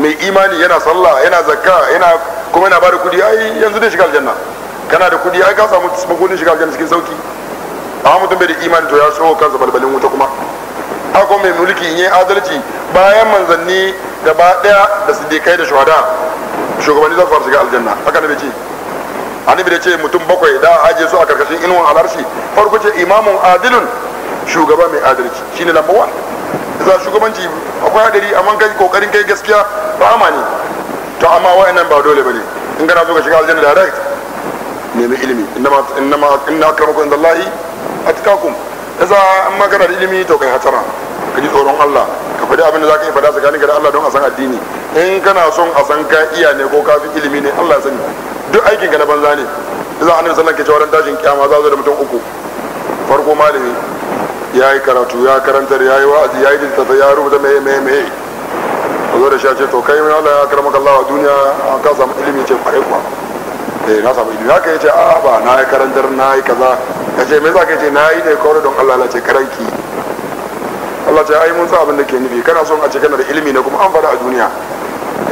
mai imani yana sallah yana zakka yana kuma yana da kudi ai yanzu zai shiga aljanna kana da kudi ai ka samu makonin shiga aljanna cikin sauki amma mutum bai da imani to ya so kansa balbalin wuta kuma ako mai mulki in yi adalci bayan manzanni gaba daya da siddiqai da shuhada shugabanni za su fara shiga aljanna haka ne ce annabi da ce mutum bakwai da aje su a karkashin inuwan alarshi farko ce imamun adilun shugaba mai adalci shine number 1 za shugabanci akwai hadari amma kai kokarin kai gaskiya ba amani to amma wa'annan ba dole bane in kana so ka shiga aljanna direct nemi ilimi inna innama inna akramakum indallahi atqakum yasa in ma kana da ilimi to kai hatara ka ji tsoron Allah ka fadi abin da za ka yi faɗa tsakaninka da Allah don a san addini in kana son a san ka iya ne ko ka fi ilimi ne Allah ya sani duk aikin ka na banza ne annabi sallallahu alaihi wasallam ke cewa tashin kiyama za zo da mutum uku farko malami ya karatu ya karantar ya wa'azi ya yi ya rubuta mai mai mai ku zo da shi ce to kai mai Allah ya karama kallawa duniya an ka samu ilimi ce kwarai kuwa eh na samu ilimi haka ya ce a ba na yi karantar na yi kaza ya ce mai zaka ka ce na yi ne kawai don Allah ya ce karanki Allah ce ai mun sa abin da ke nufi kana son a ce kana da ilimi ne kuma an faɗa a duniya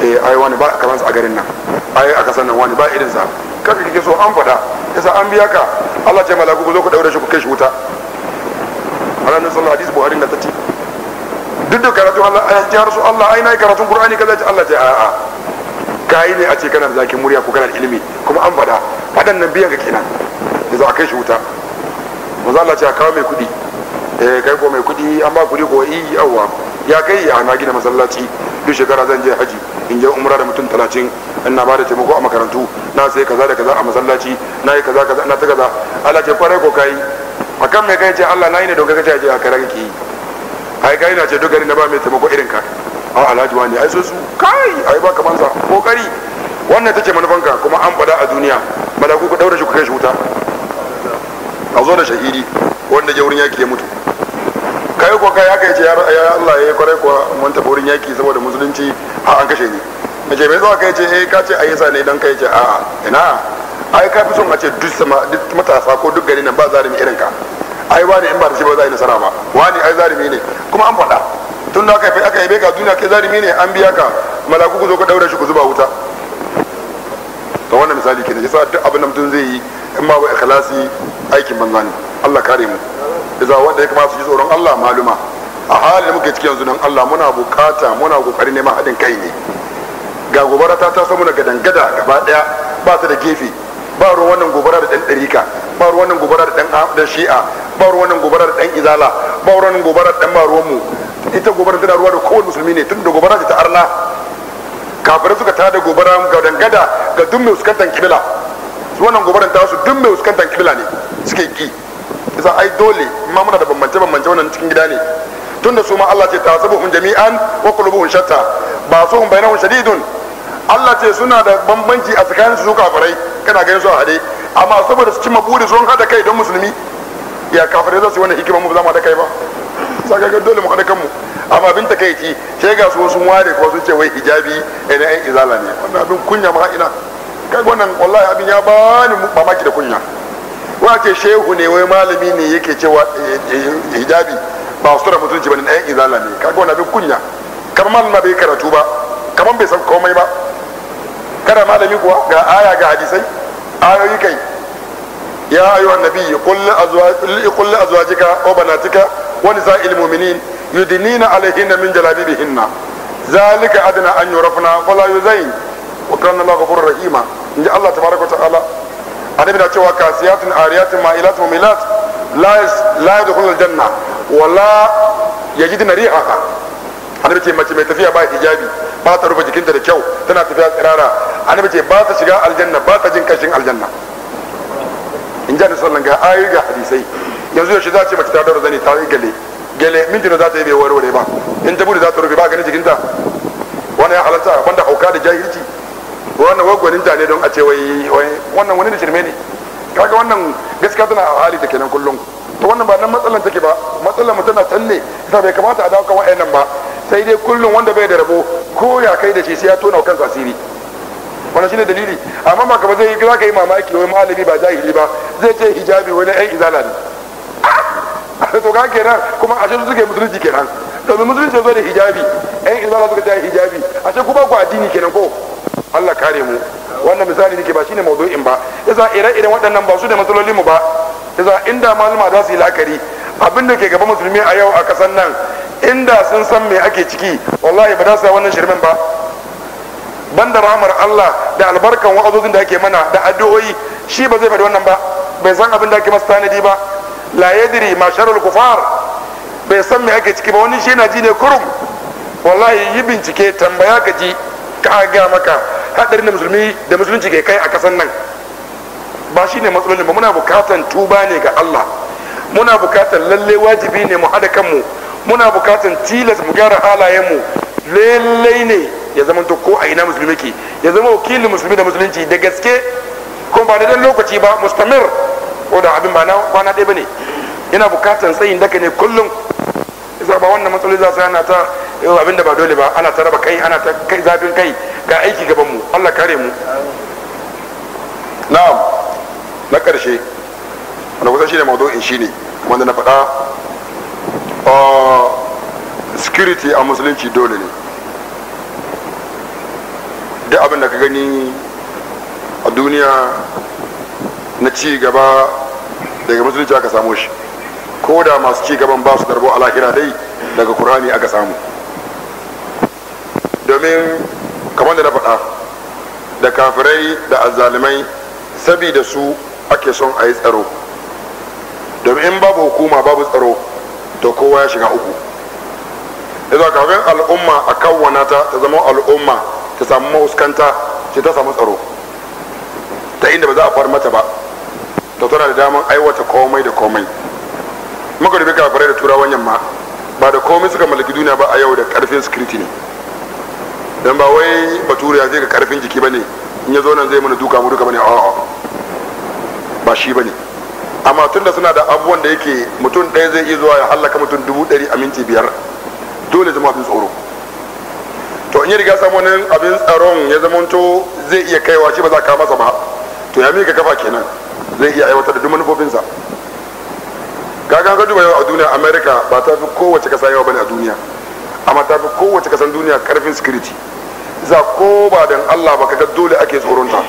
eh ai wani ba kamar a garin nan ai aka san nan wani ba irin sa kaka kike so an faɗa yasa an biya ka Allah ce malaku ku zo ku daure shi ku kai shi wuta sallallahu ranar sallah hadisi buhari na ta ce duk da karatu Allah ya eh, ya rasu Allah ai nayi karatun Qur'ani kaza ce Allah ce a'a kai ne a ce kana da zakin murya ko kana da ilimi kuma an faɗa faɗan nan biyan ka kenan da za a kai shi wuta manzo Allah ce a kawo mai kuɗi eh kai ko mai kuɗi an ba kuɗi ko yi yawa ya kai ya na gina masallaci duk shekara zan je haji in je umra da mutum 30 ina ba da taimako a makarantu na sai kaza da kaza a masallaci na yi kaza kaza na ta kaza Allah ce kwarai ko kai akan mai kai ce Allah na yi ne don kaga ce a kare kake yi ai kai na ce dogari na ba mai taimako irin ka a alhaji wani ai su su kai ai ba kaman sa kokari wannan tace manufanka kuma an fada a duniya malaku ku daura shi ku kai shi wuta a zo da shahidi wanda ya wurin yaki ya mutu kai ko kai haka yace ya Allah ya eh, kware kuwa mun tafi wurin yaki saboda musulunci a an kashe ni nace mai zuwa kai ce eh ka ce ai sa ne dan kai ce a'a ina ai ka fi son a ce duk matasa ko duk gari nan ba zalimi irin ka ai wani in ba da shi ba za a yi nasara ba wani ai zalimi ne kuma an faɗa tun da aka yi aka yabe ka duniya kai zalimi ne an biya ka malaku ku zo ka daure shi ku zuba wuta to wannan misali kenan yasa duk abin da mutum zai yi in ma ba ikhlasi aikin banza ne Allah kare mu yasa wanda ya kamata su ji tsoron Allah maluma a halin da muke cikin yanzu nan Allah muna bukata muna kokari neman haɗin kai ne ga gobara ta taso muna daga gada gaba daya ba ta da gefe ba ruwan wannan gobara da ɗan ɗarika ba ruwan wannan gobara da ɗan da shi'a ba ruwan wannan gobara da ɗan izala ba ruwan wannan gobara da ɗan ba mu ita gobara tana ruwa da kowane musulmi ne tun da gobara ta arna kafirai suka tada gobara ga dangada ga duk mai fuskantar kibila su wannan gobaran ta su duk mai fuskantar kibila ne suke ki isa ai dole ma muna da bambance bambance wannan cikin gida ne tun da su ma Allah ce ta sabu jami'an wa qulubuhum shatta ba su hum bainahum shadidun Allah ce suna da bambanci a tsakanin su kafirai kana ganin su a hade amma saboda su cimma buri sun hada kai don musulmi ya kafirai za su wani hikima mu ba za mu hada kai ba saka ga dole mu hada kanmu amma abin ta kai ci sai ga su sun ware ko sun ce wai hijabi ina eh, ne ai izala ne wannan abin kunya ma ina kai wannan wallahi abin ya bani mamaki da kunya wa ce shehu ne wai malami ne yake cewa eh, eh, hijabi ba su tura mutunci ba ne ɗayan izala ne kai wannan abin kunya kamar malama bai karatu ba kamar bai san komai ba kada malami kuwa ga aya ga hadisai ayoyi kai ya ayu annabi qul li azwajika wa banatika wa nisa'il mu'minin yudnina alayhinna min jalabibihinna zalika adna an yurafna fala yuzain wa kana Allahu ghafurur rahima inji Allah tabaraka ta'ala annabi na cewa kasiyatun ariyatun ma'ilatun mumilat la la yadkhulul aljanna wa la yajidna rihaha annabi ce mace mai tafiya ba hijabi ba ta rufe jikinta da kyau tana tafiya tsirara annabi ce ba ta shiga aljanna ba ta jin kashin aljanna in ji sallan ga ayoyi ga hadisai yanzu yaushe za ce mace ta daura zane ta yi gale gale minti da za ta yi bai warware ba in ta bude za ta rufe ba gani jikinta wani ya halatta wanda hauka da jahilci wannan wagwanin ta ne don a ce wai wannan wani da shirme ne kaga wannan gaskiya tana a hali da kenan kullum to wannan ba nan matsalan take ba matsalan mu tana can ne sai bai kamata a dawo kan wa'annan ba sai dai kullum wanda bai da rabo ko ya kai da shi sai ya tona kansa asiri wannan shine dalili amma ba kaba zai yi zaka yi mamaki wai malami ba jahili ba zai ce hijabi wani ai izala ne to ga kenan kuma ashe su suke musulunci kenan domin musulunci zo da hijabi ai izala suka ce hijabi ashe ku ba ku addini kenan ko Allah kare mu wannan misali nake ba shine maudu'in ba yasa ire-iren waɗannan ba su da matsalolin mu ba yasa inda malama za su yi lakari abin da ke gaba musulmi a yau a kasan nan inda sun san me ake ciki wallahi ba za su wannan shirmin ba banda rahmar Allah da albarkan wa'azozin da ake mana da addu'o'i shi ba zai faɗi wannan ba bai san abin da ake masa tanadi ba la yadri ma sharul kufar bai san me ake ciki ba wani shi yana ji ne kurum wallahi yi bincike tambaya ka ji ka ga maka hadarin da musulmi da musulunci ke kai a kasan nan ba shi ne matsalolin ba muna bukatan tuba ne ga Allah muna bukatan lalle wajibi ne mu haɗa kanmu muna bukatan tilas mu gyara mu. lallai ne ya zama to ko a ina musulmi ke ya zama wakilin musulmi da musulunci da gaske ko ba da dan lokaci ba mustamir ko da abin ba na kwana ɗaya bane yana bukatan tsayin daka ne kullum yasa ba wannan matsaloli za su yana ta eh, abin da ba dole ba ana ta raba kai ana ta kai zafin kai ga aiki gaban mu Allah kare mu na'am na karshe wanda kusa shi ne maudu'in shi ne wanda na faɗa security a musulunci dole ne duk abin da ka gani a duniya na ci gaba daga musulunci aka samu shi ko da masu ci gaban ba su darbo alakira dai daga kurani aka samu domin kamar da na faɗa da kafirai da azalimai sabida su ake son a yi tsaro domin in babu hukuma babu tsaro to kowa ya shiga uku idan ga al'umma a kawwana ta ta zama al'umma ta samu mahuskanta ce ta samu tsaro ta inda ba za a far mata ba to tana da daman aiwata komai da komai muka rubi kafirai da turawan yamma ba da komai suka mallaki duniya ba a yau da karfin sikiriti ne don ba wai bature ya zai ga karfin jiki ba ne in ya zo nan zai mana duka mu duka ba ne a'a ba shi ba amma tunda suna da abubuwan da yake mutum ɗaya zai iya zuwa ya hallaka mutum dubu ɗari a minti biyar dole zama abin tsoro to in yi riga samu wani abin tsaron ya to zai iya kaiwa shi ba za ka masa ba to ya miƙa kafa kenan zai iya aiwatar da duk manufofinsa kaga ka duba yau a duniya america ba ta fi kowace kasa yawa bane a duniya amma ta fi kowace kasan duniya karfin security za ko ba dan allah ba ka ga dole ake tsoronta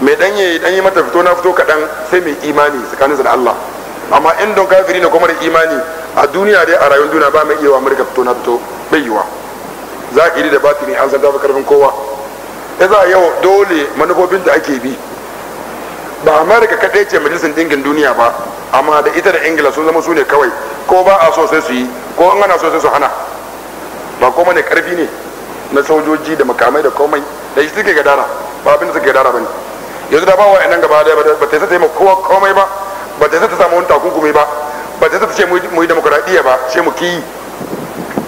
mai dan yayi dan yi mata fito na fito kaɗan sai mai imani tsakaninsa da Allah amma in don kafiri ne kuma da imani a duniya dai a rayuwar duniya ba mai iya wa murka fito na fito bai yiwa zahiri da batini an san tafi karfin kowa ya za yau dole manufofin da ake bi ba amurka kadai ce majalisar dingin duniya ba amma da ita da ingila sun zama su ne kawai ko ba a so sai su yi ko an ana so sai su hana ba kuma ne karfi ne na sojoji da makamai da komai da shi suke gadara ba abin da suke gadara ba ne yanzu da ba wa nan gaba da ba ta ta yi kowa komai ba ba ta ta samu wani takunkumi ba ba ta ta ce mu yi demokuraɗiyya ba ce mu kiyi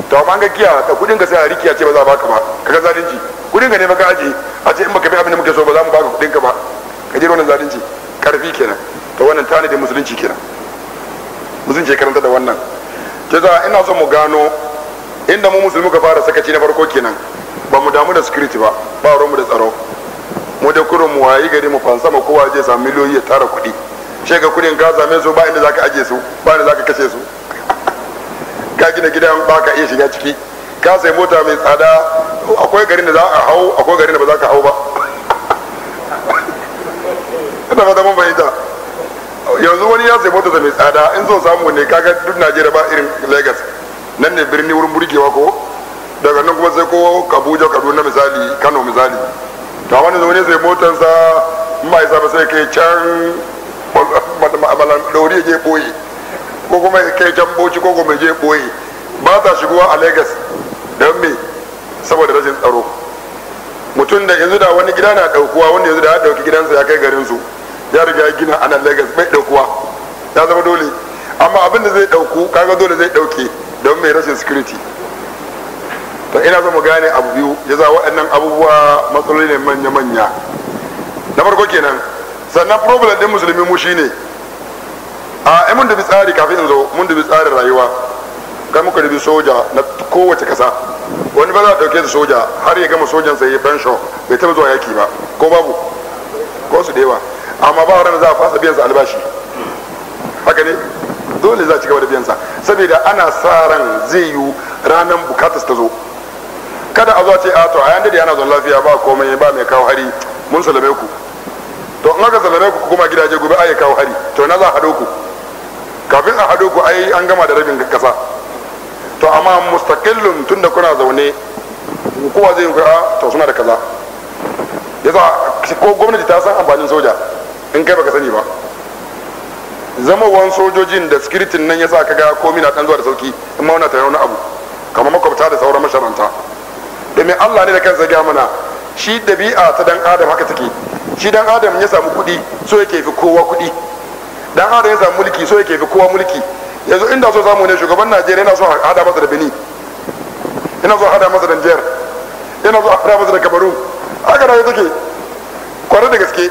to amma ga giya da kudin ka sai a rikiya ce ba za a baka ba ka ga zalunci kudin ka ne baka aji a ce in baka bi abin da muke so ba za mu baka kudin ka ba ka je wannan zalunci karfi kenan to wannan tanadin musulunci kenan musulunci karanta da wannan ce za ina son mu gano inda mu musulmi ka fara sakaci na farko kenan ba mu damu da sikiriti ba ba mu da tsaro mu da kurin mu wayi gari mu mu kowa je samu miliyoyi ya tara kuɗi shi ga kuɗin ka same su ba inda zaka aje su ba inda zaka kashe su ka gina gidan ba ka iya shiga ciki ka sai mota mai tsada akwai garin da za a hau akwai garin da ba za ka hau ba ina fata mun fahimta yanzu wani ya sai mota mai tsada in zo samu ne kaga duk najeriya ba irin lagos nan ne birni wurin burgewa ko daga nan kuma sai ko abuja kaduna misali kano misali to wani da wani zai motansa in ba isa ba sai kai can ɗauri ya je ɓoye ko kuma kai can boci ko kuma je ɓoye ba ta shigowa a lagos don me saboda rashin tsaro mutum da yanzu da wani gida na ɗaukuwa wanda yanzu da ya ɗauki gidansa ya kai garin su ya riga ya gina ana lagos bai ɗaukuwa ya zama dole amma abin da zai ɗauku kaga dole zai ɗauke don mai rashin security to ina so mu gane abu biyu ya za waɗannan abubuwa matsaloli ne manya-manya na farko kenan sannan problem din musulmi mu shine a mun dubi tsari kafin in zo mun dubi tsarin rayuwa kai muka dubi soja na kowace ƙasa wani ba za a ɗauke da soja har ya gama sojan sai ya pension bai taɓa zuwa yaki ba ko babu ko su da yawa amma ba ran za a fasa biyan sa albashi haka ne dole za a ci gaba da biyan sa saboda ana sa ran zai yiwu ranar bukatar ta zo kada a zo ce a ah, to a yanda da yana zon lafiya ba komai ba mai kawo hari mun salame ku to in aka salame ku kuma gidaje gobe a ya kawo hari to na za a hado ku kafin a hado ku ai an gama da rabin kasa to amma mustaqillun tunda kuna zaune kowa zai yi a ah, to suna da kaza yasa ko gwamnati ta san amfanin soja in kai baka sani ba wan sojojin da sikiritin nan yasa kaga komai na dan zuwa da sauki in ma wani tare wani abu kamar makwabta da sauran masharanta domin Allah ne da kansa gaya mana shi dabi'a ta dan adam haka take shi dan adam ya samu kuɗi so yake fi kowa kuɗi dan adam ya samu mulki so yake fi kowa mulki yanzu inda so samu ne shugaban Najeriya yana so hada masa da Benin yana so hada masa da Niger yana so hada masa da Kamarun haka da take kwarai da gaske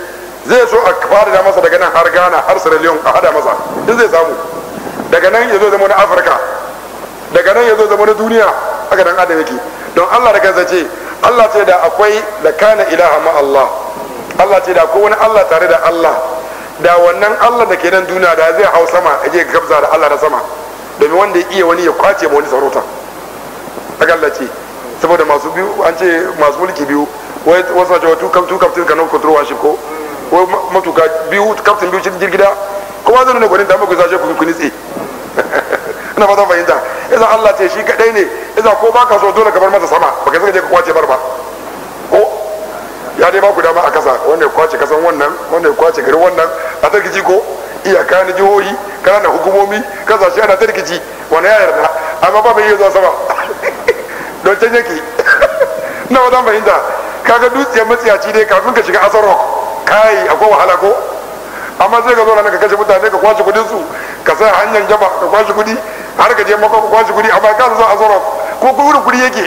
zai so a fara da masa daga nan har Ghana har Sierra Leone a hada masa in zai samu daga nan ya zo zama na Afirka daga nan ya zo zama na duniya haka dan adam yake don Allah da kansa ce Allah ce da akwai da kana ilaha ma Allah Allah ce da akwai wani Allah tare da Allah da wannan Allah da ke nan duniya da zai hau sama a ke gabza da Allah na sama domin wanda ya iya wani ya kwace ma wani sarauta a Allah ce saboda masu biyu an ce masu mulki biyu wasu na cewa tukam tukam tun kanon control wa ko wai matuka biyu kaftin biyu cikin jirgida kuma zan nuna gwanin da muku zashe ku nitse ina fata fahimta iza Allah ce shi kadai ne iza ko baka so dole ka bar masa sama baka saka je ka kwace bar ba ko ya dai ba ku dama a kasa wanda ya kwace kasan wannan wanda ya kwace gari wannan a tarkici ko iyaka na jihohi kananan hukumomi kasa shi ana tarkici wani ya yarda amma ba mai yi zuwa sama don can yake na wadan fahimta kaga dutsiyar matsiyaci dai kafin ka shiga asarok rock kai akwai wahala ko amma sai ka zo nan ka kashe mutane ka kwace kudin su ka sa hanyar jaba ka kwashi kuɗi har ka je maka ka kwashi kuɗi amma ka za a zoro ko ko wuri kuɗi yake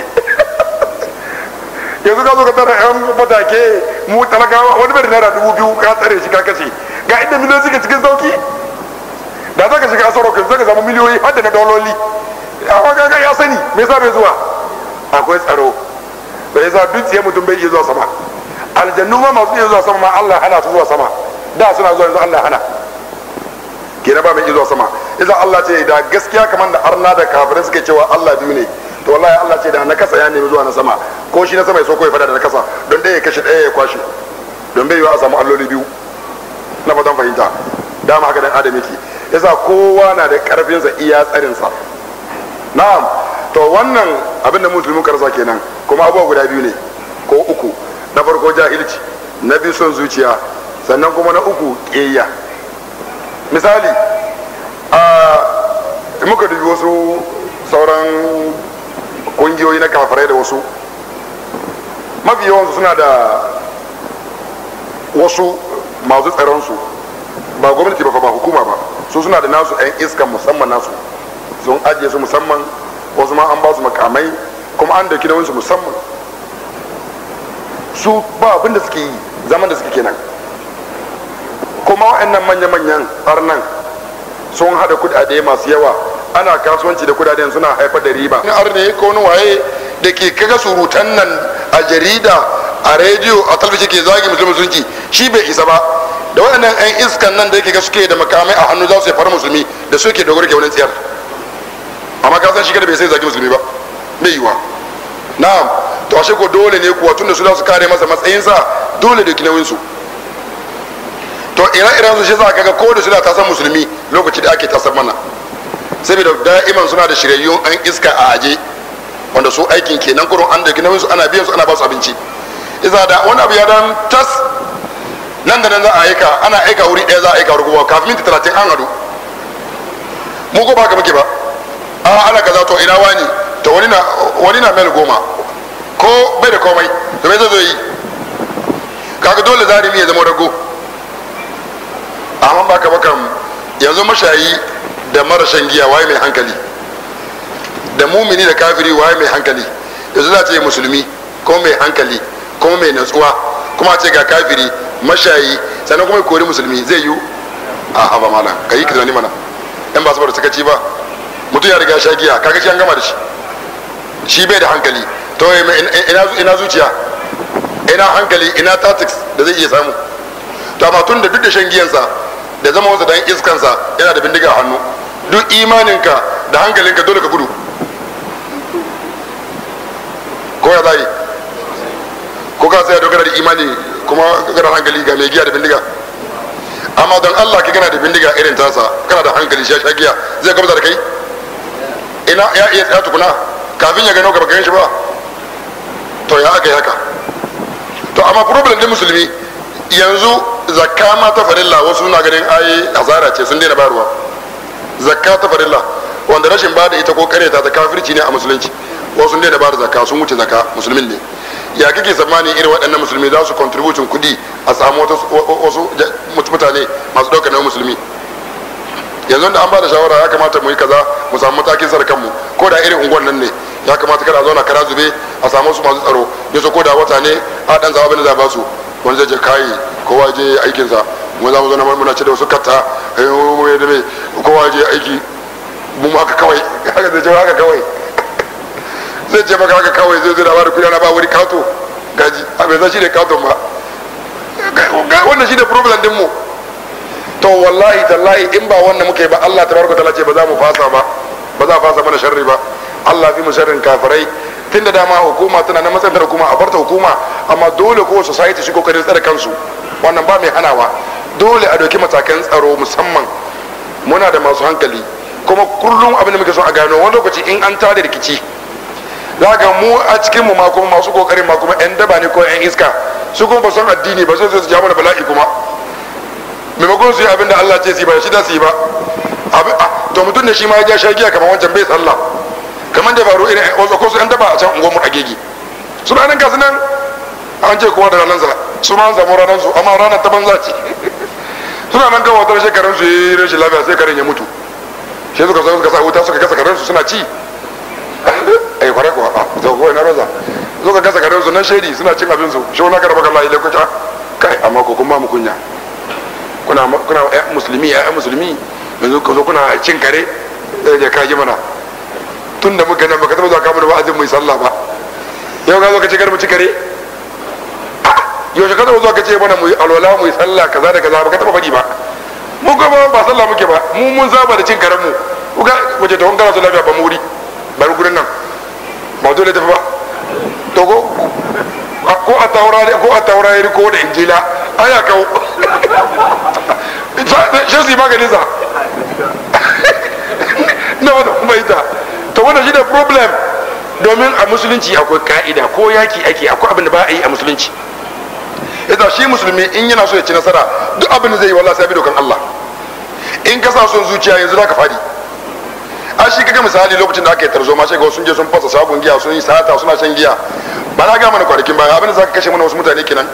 yanzu ka zo ka tara yan matake mu talakawa wani bari naira dubu biyu ka tsare shi ka kashe ga inda miliyan suke cikin sauki da za ka shiga asoro ka ka samu miliyoyi har da na daloli amma ga ya sani me yasa bai zuwa akwai tsaro bai yasa duk tsaye mutum bai iya zuwa sama aljannu ma masu iya zuwa sama ma Allah hana su zuwa sama da suna zuwa yanzu Allah hana kenan ba mai izuwa sama idan Allah ce da gaskiya kamar da arna da kafirin suke cewa Allah biyu ne to wallahi Allah ce da na kasa ya nemi zuwa na sama ko shi na sama ya so ko fada da na kasa don ɗaya ya kashe ɗaya ya kwashe don bai yiwa a samu alloli biyu na fatan fahimta dama haka dan adam yake yasa kowa na da sa iya tsarin sa na'am to wannan abin da musulmi karsa kenan kuma abuwa guda biyu ne ko uku na farko jahilci na biyu son zuciya sannan kuma na uku kiyayya misali a muka dubi wasu sauran kungiyoyi na kafirai da wasu mafi yawansu suna da wasu masu tsaronsu ba gwamnati ba ba hukuma ba su suna da nasu 'yan iska musamman nasu sun ajiye su musamman wasu ma an ba su makamai kuma an dauki su musamman su ba abinda suke yi zaman da suke kenan kuma wa'annan manya-manyan arnan sun haɗa kudade masu yawa ana kasuwanci da kudaden suna haifar da riba in arne ko wani waye da ke kaga surutan nan a jarida a rediyo a talbishi ke zagi musulmi sunci shi bai isa ba da waɗannan 'yan iskan nan da yake suke da makamai a hannu za su fara musulmi da suke dogara ke wani tsiyar amma ka san shi kada bai sai zagi musulmi ba bai yiwa na'am to ashe ko dole ne kuwa tunda su za su kare masa matsayinsa dole da kinawinsu su to ire-iren su shi za ka ga ko da suna tasan musulmi lokaci da ake tasan mana saboda da'iman suna da shiryayyun an iska a aje wanda su aikin kenan kurun an dauki nauyin su ana biyan su ana ba su abinci iza da wani abu ya dan tas nan da nan za a aika ana aika wuri ɗaya za a aika rukuwa kafin minti talatin an hadu mu ko ba ka muke ba a ana kaza to ina wani to wani na wani na mel goma ko bai da komai to bai zai zo yi kaga dole zarimi ya zama rago amma baka bakan yanzu mashayi da marashin giya waye mai hankali da mumini da kafiri waye mai hankali yanzu za ce musulmi ko mai hankali ko mai natsuwa kuma ce ga kafiri mashayi sannan kuma kori musulmi zai yi a haba mana ka yi kizani mana yan ba su bada sakaci ba mutum ya riga sha giya kaga shi an gama da shi shi bai da hankali to ina zuciya ina hankali ina tactics da zai iya samu to amma tun da duk da shan giyansa da zama wasa dan iskansa yana da bindiga a hannu duk imaninka da hankalinka dole ka gudu ko ya zai ko ka sai dogara da imani kuma dogara hankali ga mai giya da bindiga amma don Allah ka gana da bindiga irin tasa kana da hankali shi shagiya zai gamsa da kai ina ya iya tsaya tukuna kafin ya gano ka baka shi ba to ya aka yi haka to amma problem din musulmi yanzu zakka ma ta farilla wasu na ganin ayi hazara ce sun daina bayarwa zakka ta farilla wanda rashin bada ita ko kare ta ,ta kafirci ne a musulunci wasu sun daina bada zakka sun wuce zakka musulmin ne ya kake tsammani irin waɗannan musulmi za su contribution kuɗi a samu wasu mutane masu ɗauka na musulmi yanzu da an ba da shawara ya kamata mu yi kaza mu samu matakin sar kanmu ko da irin unguwan nan ne ya kamata kada a zauna kara zube a samu su masu tsaro ya so ko da wata ne a ɗan zaɓa ne za ba su wani zai je kayi kowa je aikinsa mu za mu zo na muna ce da wasu katta eh, mu ya dame kowa je aiki mu haka kawai haka zai je haka kawai zai je maka haka kawai zai zai labarin kudi na ba wuri kato gaji a zai shi ne katon ba wannan shi ne problem din mu to wallahi tallahi in ba wannan muke ba Allah tabaraka ta lace ba za mu fasa ba ba za fasa mana sharri ba Allah fi mu sharrin kafirai tun da dama hukuma tana na matsayin hukuma a barta hukuma amma dole ko society shi kokarin tsare kansu wannan ba mai hanawa dole a doki matakan tsaro musamman muna da masu hankali kuma kullum abin da muke so a gano wani lokaci in an tada rikici za ga mu a cikin mu ma kuma masu kokarin ma kuma yan daba ne ko yan iska su kuma ba san addini ba sai su jawo da bala'i kuma maimakon su yi abin da Allah ce su yi ba shi da su yi ba ah, to mutum ne shi ma ya ja shagiya kamar wancan bai sallah kamar da faru irin wasu ko su yan daba a can unguwar mu a gegi su ranar gasu nan an ce kowa da ranar zala su ran samu ranar su amma ranar ta banza ce suna nan kan wata rashin karen su yi rashin lafiya sai karin ya mutu shi suka suka sa wuta suka gasa karin su suna ci ai kware kuwa a ah, zau kawai na raza suka gasa karin su nan shaidi suna cin abin su shi wani karfa kan layi lokaci ah, kai amma ko kun ba mu kunya kuna kuna eh, musulmi ya eh, musulmi yanzu kuna cin kare da eh, ya kaji mana tun da muka nama ka taɓa zuwa kamu wa'azin mai sallah ba yau ka zo ka ce kar mu ci kare yaushe ka taɓa zuwa ka ce mana mu alwala mu sallah kaza da kaza ka taɓa faɗi ba mu kuma ba sallah muke ba mu mun zaba da cin karen mu kuka waje ta wankara su lafiya ba mu wuri ba gurin nan ba dole tafi ba to ko ko a taura ko a taura yari ko da injila aya ka shi su yi maganin sa na wata kuma ita to wannan shi da problem domin a musulunci akwai ka'ida ko yaki ake akwai abin da ba a yi a musulunci idan shi musulmi in yana so ya ci nasara duk abin da zai yi wallahi sai bi dokan Allah in ka sa son zuciya yanzu zaka fadi a shi kaga misali lokacin da aka yi tarzo ma shega sun je sun fasa sabon giya sun yi sata suna shan giya ba na ga mana kwanakin ba abin da zaka kashe mana wasu mutane kenan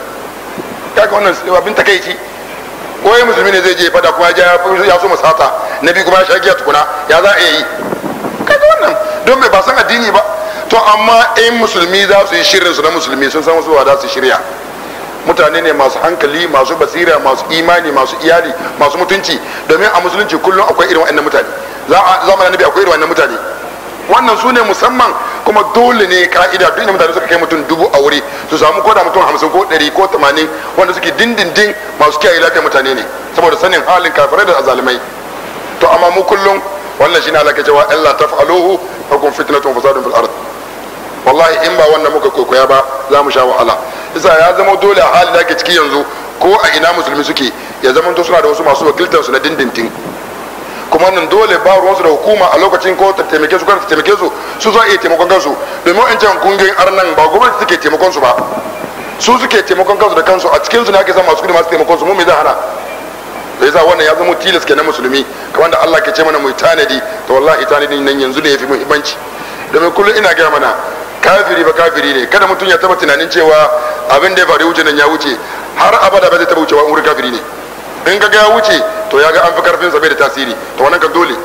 kaga wannan abin takeici ko musulmi ne zai je fada kuma ya so masata na biyu kuma ya sha giya tukuna ya za a yi kaga wannan don bai ba san addini ba to amma in musulmi za su yi shirin su na musulmi sun san wasu za su shirya mutane ne masu hankali masu basira masu imani masu iyali masu mutunci domin a musulunci kullum akwai irin wa'annan mutane za zamanin nabi akwai irin wa'annan mutane wannan su ne musamman kuma dole ne ka'ida duk inda mutane suka kai mutum dubu a wuri su samu ko da mutum hamsin ko ɗari ko tamanin wanda suke dindindin masu kiyaye lafiyar mutane ne saboda sanin halin kafirai da azalimai to amma mu kullum wannan shine Allah ke cewa illa taf'aluhu hukum fitnatun fasadun fil ard wallahi in ba wannan muka kokoya ba za mu sha wahala isa ya zama dole a halin da ake ciki yanzu ko a ina musulmi suke ya zama to suna da wasu masu wakiltar su na dindintin. kuma wannan dole ba ruwansu da hukuma a lokacin ko ta taimake su ta taimake su su za a iya taimakon kansu domin wa'ancan kungiyoyin arnan ba gwamnati take taimakon su ba su suke taimakon kansu da kansu a cikin su ne ake son masu kudi masu taimakon su mu me za hana da yasa wannan ya zama tilas ke na musulmi kamar da Allah ke ce mana mai tanadi to wallahi tanadi nan yanzu ne yafi muhimmanci domin kullum ina gaya mana kafiri ba kafiri ne kada mutum ya taba tunanin cewa abin da ya faru wuce nan ya wuce har abada ba zai taba wucewa wuri kafiri ne in ka ga ya wuce to ya ga an fi karfin sa bai da tasiri to wannan ka dole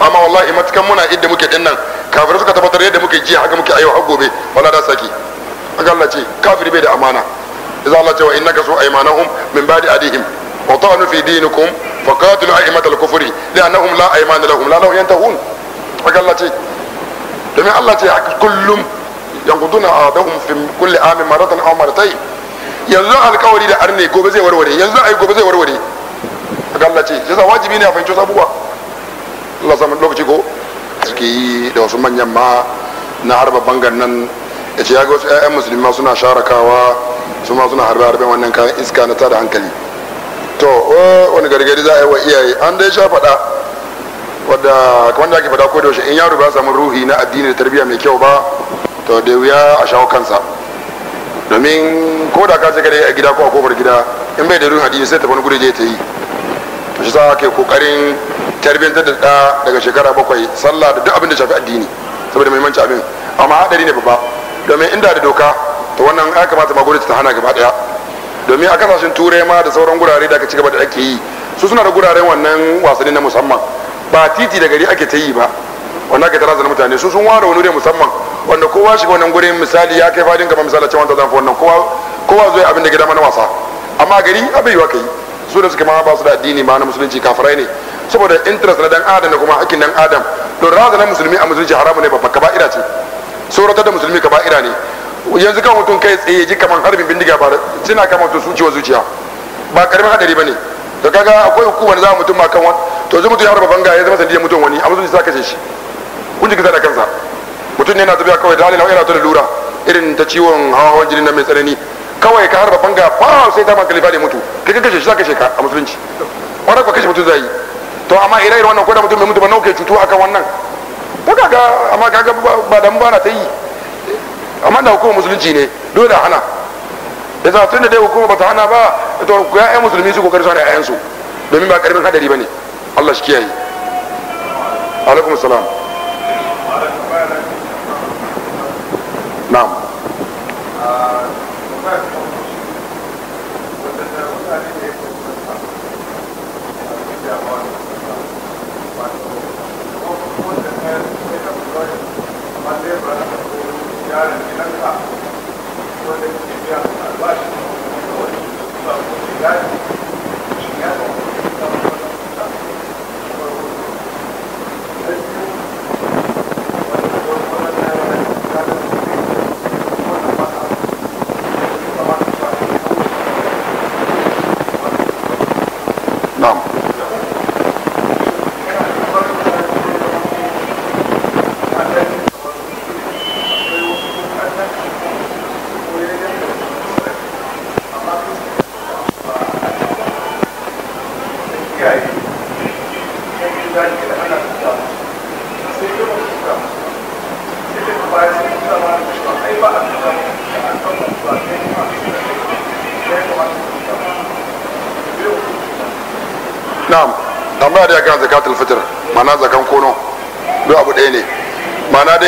amma wallahi matukan muna idda muke din nan kafirai suka tabbatar yadda muke jiya haka muke yau har gobe wala da saki haka Allah ce kafiri bai da amana idan Allah ce wa innaka su aymanahum min ba'di adihim وطعنوا في دينكم فقاتلوا أئمة الكفر لأنهم لا أيمان لهم لأنهم ينتهون haka Allah ce domin Allah ce a kullum yankuduna a dahun fi kulle amin maratan aw maratai yanzu alkawari da arne gobe zai warware yanzu ai gobe zai warware haka Allah ce wajibi ne a fahimci wasu abubuwa Allah samu lokaci da wasu manyan ma na harba bangar nan ya ya ga wasu 'ya'yan suna sharakawa suna harbe-harben wannan kayan iska na hankali to eh, wani gargadi za a yi wa iyaye an dai sha faɗa wadda kamar da ake faɗa ko yaushe in yaro ba samu ruhi na addini da tarbiyya mai kyau ba to da wuya a shawo kansa domin ko da ka kare a gida ko a kofar gida in bai da ruhin addini sai tafi wani guri je ta yi to shi sa ke kokarin tarbiyyantar da ɗa daga shekara bakwai sallah da duk abin da shafi addini saboda muhimmanci abin amma haɗari ne babba domin inda da doka to wannan ya kamata ma gwamnati ta hana gaba ɗaya domin a kasashen turai ma da sauran gurare da aka ci gaba da ake yi su suna da guraren wannan wasanni na musamman ba titi da gari ake ta yi ba wanda ake tara zana mutane su sun ware wani ne musamman wanda kowa shiga wannan gurin misali ya kai fadin kamar misali cewa ta zanfa wannan kowa kowa zai abin da gida mana wasa amma gari yi wa kai su da suke ma ba su da addini ma na musulunci kafirai ne saboda interest na dan adam da kuma hakkin dan adam don raza musulmi a musulunci haramu ne babba kaba'ira ce sauratar da musulmi kaba'ira ne yanzu kan mutum kai tsaye ji kamar harbin bindiga ba suna kama mutum su ciwo zuciya ba karamin hadari ba ne to kaga akwai hukuma da za mutum ma kan wani to yanzu mutum ya harba banga ya zama sanadiyar mutum wani amma sun sa kashe shi kun ji kisa da kansa mutum ne yana tafiya kawai da halin yana ta lura irin ta ciwon hawan jini na mai tsanani kawai ka harba banga ba sai ta mankali ba ne mutu kai ka kashe shi za kashe ka a musulunci wani ka kashe mutum zai yi to amma ire-iren wannan ko da mutum mai mutu ba nauke cutu akan wannan to kaga amma kaga ba damu ba na ta yi amma da hukumar musulunci ne dole a hana da sa tun da dai hukumar bata hana ba to ku ya'yan musulmi su kokari su hana su domin ba karfin hadari ne, Allah shi kiyaye alaikum salam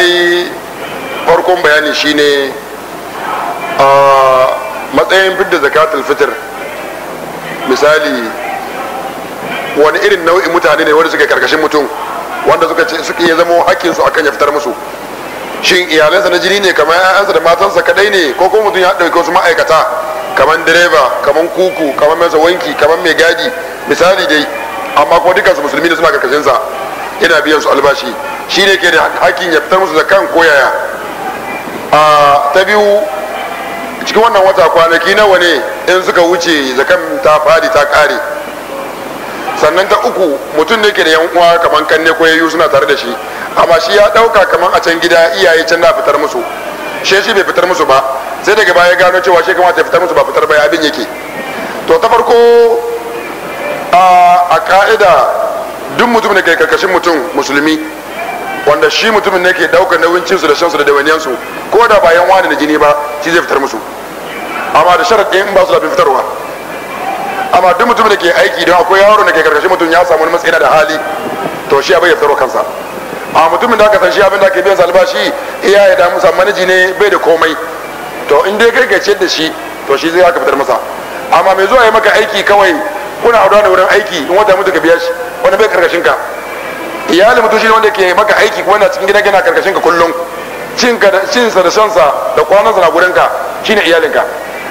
dai farkon bayani shine a matsayin fidda zakatul fitr misali wani irin nau'in mutane ne wanda suke karkashin mutum wanda suka ce suke ya zama su akan ya fitar musu shin iyalansa na jini ne kamar 'ya'yansa da matansa kadai ne ko kuma mutum ya ɗauki su ma'aikata kamar direba kamar kuku kamar mai wanki kamar mai gadi misali dai amma kuma dukkan musulmi ne suna karkashin sa ina biyan su albashi shi ne ke da hakkin ya fitar musu da kan koyaya a ta biyu cikin wannan wata kwanaki nawa ne in suka wuce zakan ta fadi ta kare sannan ta uku mutum ne ke da uwa kamar kan ko koyayyu suna tare da shi amma shi ya dauka kamar a can gida iyaye can na fitar musu shi shi bai fitar musu ba sai daga baya gano cewa shi kamata ya fitar musu ba fitar baya abin yake to ta farko a ka'ida duk mutum ne ke karkashin mutum musulmi wanda shi mutumin ne ke daukar nauyin cinsu da shansu da dawaniyansu ko da ba yan wani da jini ba shi zai fitar musu amma da sharaɗin in ba su da bin fitarwa amma duk mutumin da ke aiki don akwai yaro da ke karkashin mutum ya samu wani matsayi da hali to shi abin ya fitarwa kansa a mutumin da aka san shi abin da ake biyan sa albashi iya ya damu sa maniji ne bai da komai to in dai kai gace da shi to shi zai haka fitar masa amma mai zuwa ya maka aiki kawai kuna haɗuwa da wurin aiki in wata mutu ka biya shi wani bai karkashin ka iyalin mutum shine wanda ke maka aiki kuma yana cikin gidan gana karkashin ka kullum cinsa da shansa da kwanan sa na gurin ka shine ka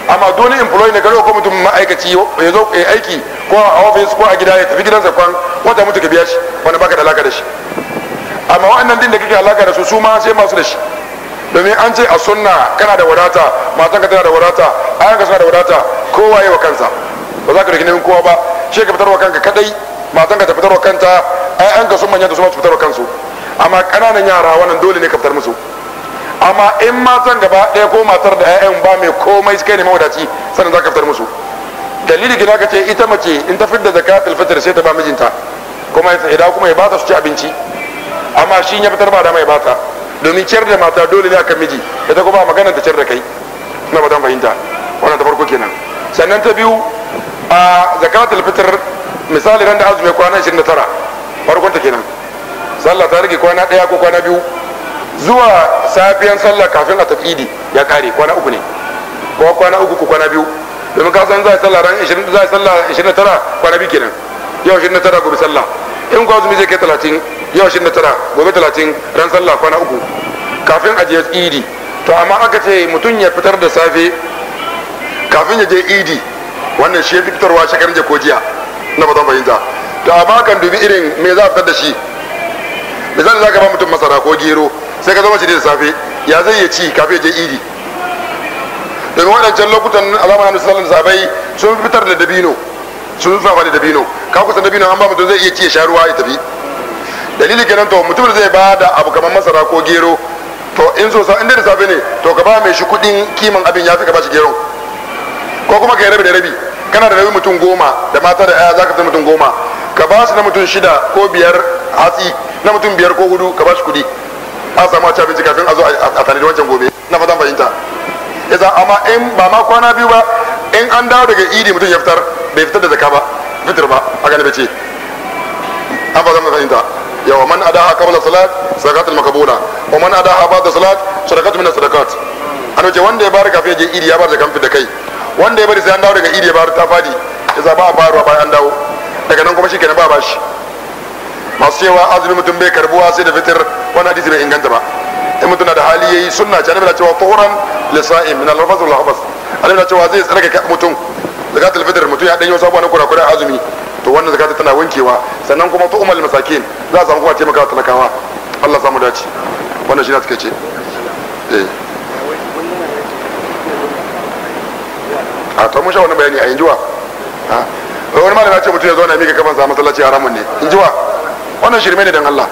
amma dole employee ne garo ko mutum ma'aikaci ya zo ya aiki ko a office ko a gida ya tafi gidansa kwan wata mutu ka biya shi wani baka da alaka da shi amma wa'annan din da kake alaka da su su ma sai masu da shi domin an ce a sunna kana da wadata matanka tana da wadata ayanka suna da wadata kowa yi wa kansa ba za ka min kowa ba shi ka wa kanka kadai matan ka ta wa kanta ai an ka sun da su ma fitarwa kansu amma kananan yara wannan dole ne ka fitar musu amma in matan gaba ɗaya ko matar da 'ya'yan ba mai komai su kai ne mawadaci sannan za ka fitar musu dalili gina ka ce ita mace in ta fitar da zakatul fitr sai ta ba mijinta kuma idan kuma ya bata su ci abinci amma shi ya fitar ba da mai bata domin ciyar da mata dole ne akan miji ita kuma magana ta ciyar da kai na ba fahimta wannan ta farko kenan sannan ta biyu a zakatul fitr misali ran da azumi kwana 29 farkon ta kenan sallah ta rage kwana daya ko kwana biyu zuwa safiyan sallah kafin a tafi idi ya kare kwana uku ne ko kwana uku ko kwana biyu domin ka san za a sallah ran 20 za a sallah 29 kwana biyu kenan yau 29 gobe sallah in ko azumi zai kai 30 yau 29 gobe 30 ran sallah kwana uku kafin a je idi to amma aka ce mutum ya fitar da safe kafin ya je idi wannan shi ya fitarwa shekaran je ko jiya na ba zan fahimta to amma kan dubi irin me za a fitar da shi misali za ka ba mutum masara ko gero sai ka zama shi da safe ya zai iya ci kafin ya je idi domin waɗancan lokutan alamar hannu sallan sabai sun fitar da dabino sun fafa da dabino ka kusa dabino an ba mutum zai iya ci ya sha ruwa ya tafi dalili kenan to mutum zai ba da abu kamar masara ko gero to in so inda da safe ne to ka ba mai shi kuɗin kiman abin ya fi ka ba shi gero ko kuma ka yi rabi da rabi kana da nabi mutum goma da mata da yaya zaka ta mutum goma ka ba su na mutum shida ko biyar hatsi na mutum biyar ko hudu ka ba shi kudi a samu a ci abinci kafin a zo a tanadi wancan gobe na fatan fahimta yasa amma in ba ma kwana biyu ba in an dawo daga idi mutum ya fitar bai fitar da zaka ba fitar ba a gani bace an fatan fahimta yawa man adaha da salat zakatul makabula wa man adaha da salat sadaqatu min sadakat an ce wanda ya bar kafin ya je idi ya bar zakan fi da kai wanda ya bari sai an dawo daga idi ya ta fadi ya za ba a faruwa bayan an dawo daga nan kuma shi kenan ba ba shi masu cewa azumi mutum bai karbuwa sai da fitar wani hadisi bai inganta ba in mutum na da hali yayi sunna ce annabi cewa tuhuran lisa'in min al-rafas wal habas annabi na cewa zai tsarkake mutum zakatul fitr mutum ya danyo sabuwa na kurakura azumi to wannan zakata tana wankewa sannan kuma umal masakin za a samu kuma taimakawa talakawa Allah samu dace wannan shi na suke ce eh a to mun sha wani bayani a yanzu wa wani malama ce mutum ya na mika kafan sa masallaci haramun ne in ji wa wannan shirme ne dan Allah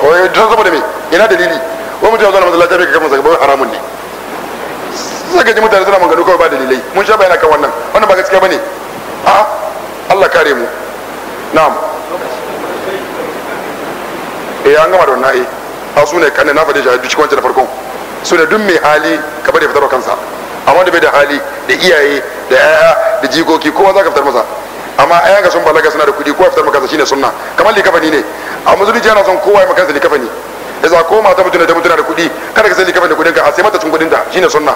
wai don saboda me ina dalili wai mutum ya na masallaci mika kafan sa kawai haramun ne saka ji mutane suna maganganu kawai ba dalilai mun sha bayani kan wannan wannan ba gaskiya bane a Allah kare mu na'am eh an gama da wannan eh a su ne kanne na faɗi shi a cikin wancan da farkon su ne dun mai hali ka bari ya fitar kansa amma da bai da hali da iyaye da yaya da jikoki kowa za ka fitar masa amma ayan ga sun balaga suna da kuɗi kowa fitar maka shine sunna kamar likafani ne a musulunci jana son kowa ya maka likafani da za ko mata mutuna da mutuna da kuɗi kada ka sai likafani da kuɗin ka a sai mata cin kuɗin ta shine sunna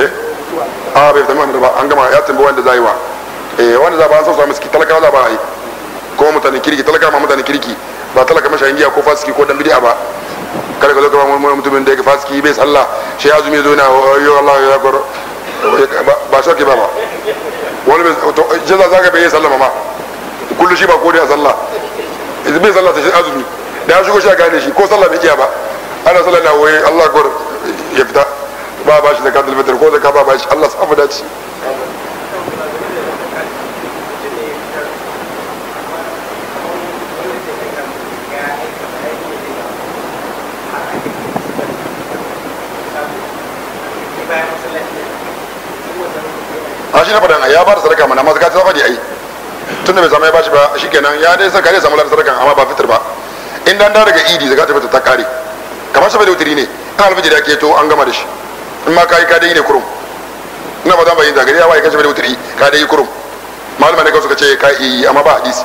eh a bai fitar maka ba an gama ya tambaye wanda za yi wa eh wanda za ba an sausa miski talaka za ba yi ko mutane kirki talaka ma mutane kirki ba talaka mashayin giya ko fasiki ko dan bid'a ba kada ka zo kamar wani mutumin da yake k'i bai sallah shi ya zumi zo na yau Allah ya gwar ba shi ke ba ba wani to jaza za ka bai sallah ma kullum shi ba ko da sallah bai sallah ta shi azumi da ya shigo shi a gane shi ko sallah bai iya ba ana sallah na waye Allah gwar ya fita ba ba shi da kadal fitar ko da ka ba ba shi Allah sa mu dace shi na faɗin ya ba da sadaka mana masu gata faɗi ai tunda bai zama ya bashi ba shikenan ya dai sai kare samu ladar sadaka amma ba fitir ba in dan da daga idi zaka tafi ta kare kamar sabai da wutiri ne in alfajiri ake to an gama da shi in ma kai ka dai ne kurum ina ba zan bayin zagari ya wai sabai da wutiri ka dai kurum malama ne ka suka ce ka yi amma ba hadisi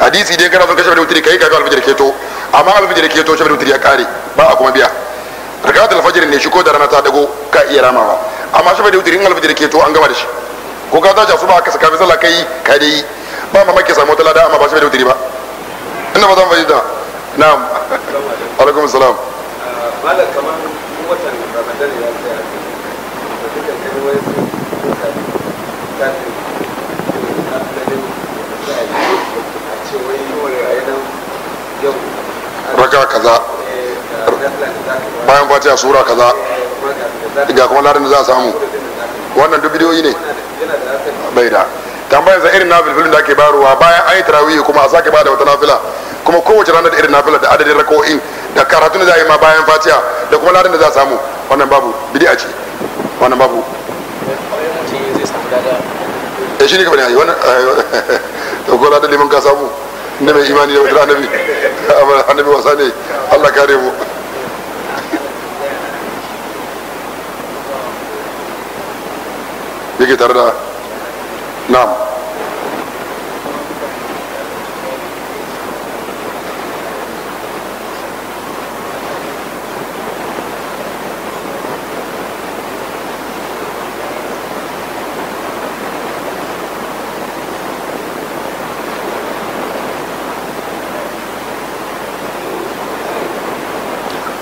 hadisi dai kana son kashe da wutiri kai ka ga alfajiri ke to amma alfajiri ke to shafa da wutiri ya kare ba a kuma biya rakatul fajr ne shi ko da rana ta dago ka iya ramawa amma shafa da wutiri in alfajiri ke to an gama da shi ko ka su ba ka saka misala kai ka dai ba mamaki samu talada amma ba shi da wuri ba ina ba zan fahimta na'am alaikum salam uh, malaka kaman watan ramadan ya tsaya da duka kai wai raka kaza eh, bayan fatiha sura kaza eh, ga kuma larin da za a samu wannan duk bidiyoyi ne bai da tambayar sa irin nafilfilin da ake barowa bayan an yi tarawih kuma a sake bada wata nafila kuma kowace ranar da irin nafila da adadin rako'in da karatun da za a yi ma bayan fatiha da kuma ladin da za a samu wannan babu bidi'a ce wannan babu ya eh, shi ne kamar yayi wannan da kuma ladin liman ka samu ne mai imani da wata annabi annabi wasa ne Allah kare mu يجي تردا نعم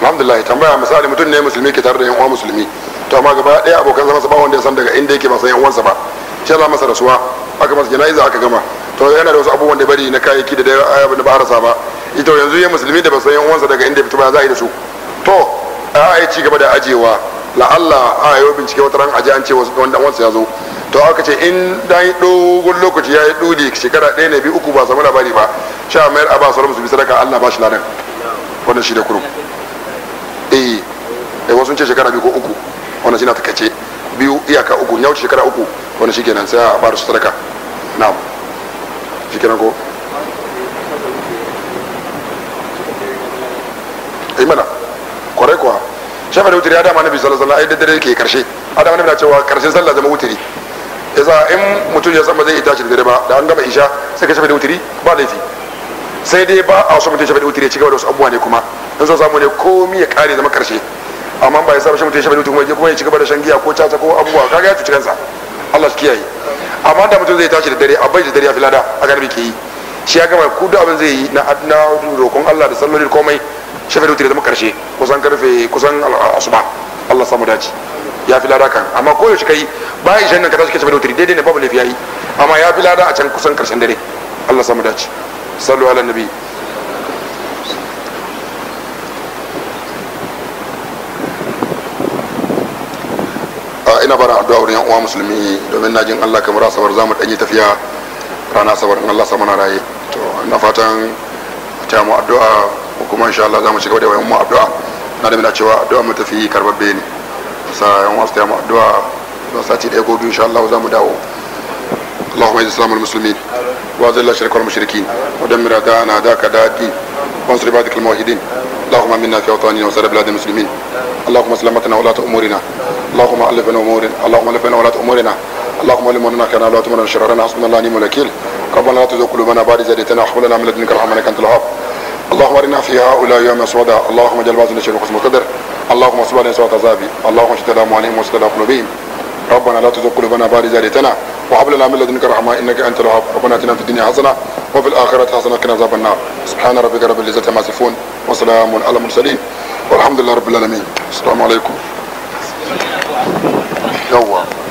الحمد لله تمام مسالي متن مسلمي كتر يوم مسلمي to amma gaba daya abokan zama ba wanda ya san daga inda yake ba san yan uwansa ba shi za masa rasuwa aka masa jana'iza aka gama to yana da wasu abubuwan da bari na kayayyaki da dai abin da ba rasa ba ita yanzu ya musulmi da ba san yan uwansa daga inda ya fito ba za a yi da su to a yi ci gaba da ajewa la'alla a yi bincike wata ran aje an ce wanda uwansa ya zo to aka ce in dan dogon lokaci ya yi dudi shekara ɗaya ne biyu uku ba samu labari ba sha mayar a ba sauran su bi sadaka Allah ba shi ladan wannan shi da kurum eh, eh wasu ce shekara biyu ko uku wannan shi na takace biyu iyaka uku ya wuce shekara uku wannan shi kenan sai a fara su sadaka na'am shi kenan ko ai eh, mana kwarai kuwa shafa da wutiri adama nabi sallallahu alaihi wasallam ai dare yake karshe adama nabi na cewa karshen sallah zama wutiri yasa in mutum ya san ba zai iya tashi da dare ba da an gama isha sai ka shafa da wutiri ba laifi sai dai ba a so mutum shafa da wutiri ya ci gaba da wasu abubuwa ne kuma in so samu ne komi ya kare zama karshe amma ba ya sa shi mutum ya shafa lutu kuma kuma ya ci gaba da shan giya ko caca ko abubuwa kaga ya cuci kansa Allah shi kiyaye amma da mutum zai tashi da dare a bai da dare a filada a garbi ke yi shi ya gama kudu duk abin zai yi na adna rokon Allah da sallolin komai shafa lutu da zama karshe kusan karfe kusan asuba Allah samu dace ya fi lada kan amma ko yaushe kai ba ya shan ka tashi ka shafa lutu daidai ne babu lafiya yi amma ya fi lada a can kusan karshen dare Allah samu dace sallu ala nabi ina bara addu'a wurin yan uwa musulmi domin najin Allah kamar asabar danyi tafiya rana asabar in Allah sama raye to ina fatan ta mu addu'a kuma insha Allah zamu cigaba da wayan mu addu'a na da cewa addu'a mu tafi karbabbe ne sa yan wasu ta mu addu'a don sati da gobe insha Allah zamu dawo اللهم اعز الاسلام والمسلمين واذل الشرك والمشركين ودمر اعداءنا وانصر عبادك الموحدين اللهم منا في اوطاننا وسائر بلاد المسلمين اللهم سلامتنا ولاة امورنا اللهم ألف بين أمورنا اللهم ألف بين ولاة أمورنا اللهم ألف بين كان لا تمنع شرنا حسبنا الله ونعم الوكيل ربنا لا تزغ قلوبنا بعد إذ هديتنا وهب لنا من لدنك رحمة إنك أنت الوهاب اللهم ارنا في هؤلاء يوم سودا اللهم اجعل بعضنا شر قسم القدر اللهم اصب علينا سوء عذابي اللهم اشد على عليهم واشد على قلوبهم ربنا لا تزغ قلوبنا بعد إذ هديتنا وهب لنا من لدنك رحمة إنك أنت الوهاب ربنا آتنا في الدنيا حسنة وفي الآخرة حسنة وقنا عذاب النار سبحان ربك رب العزة عما يصفون وسلام على المرسلين والحمد لله رب العالمين السلام عليكم No one.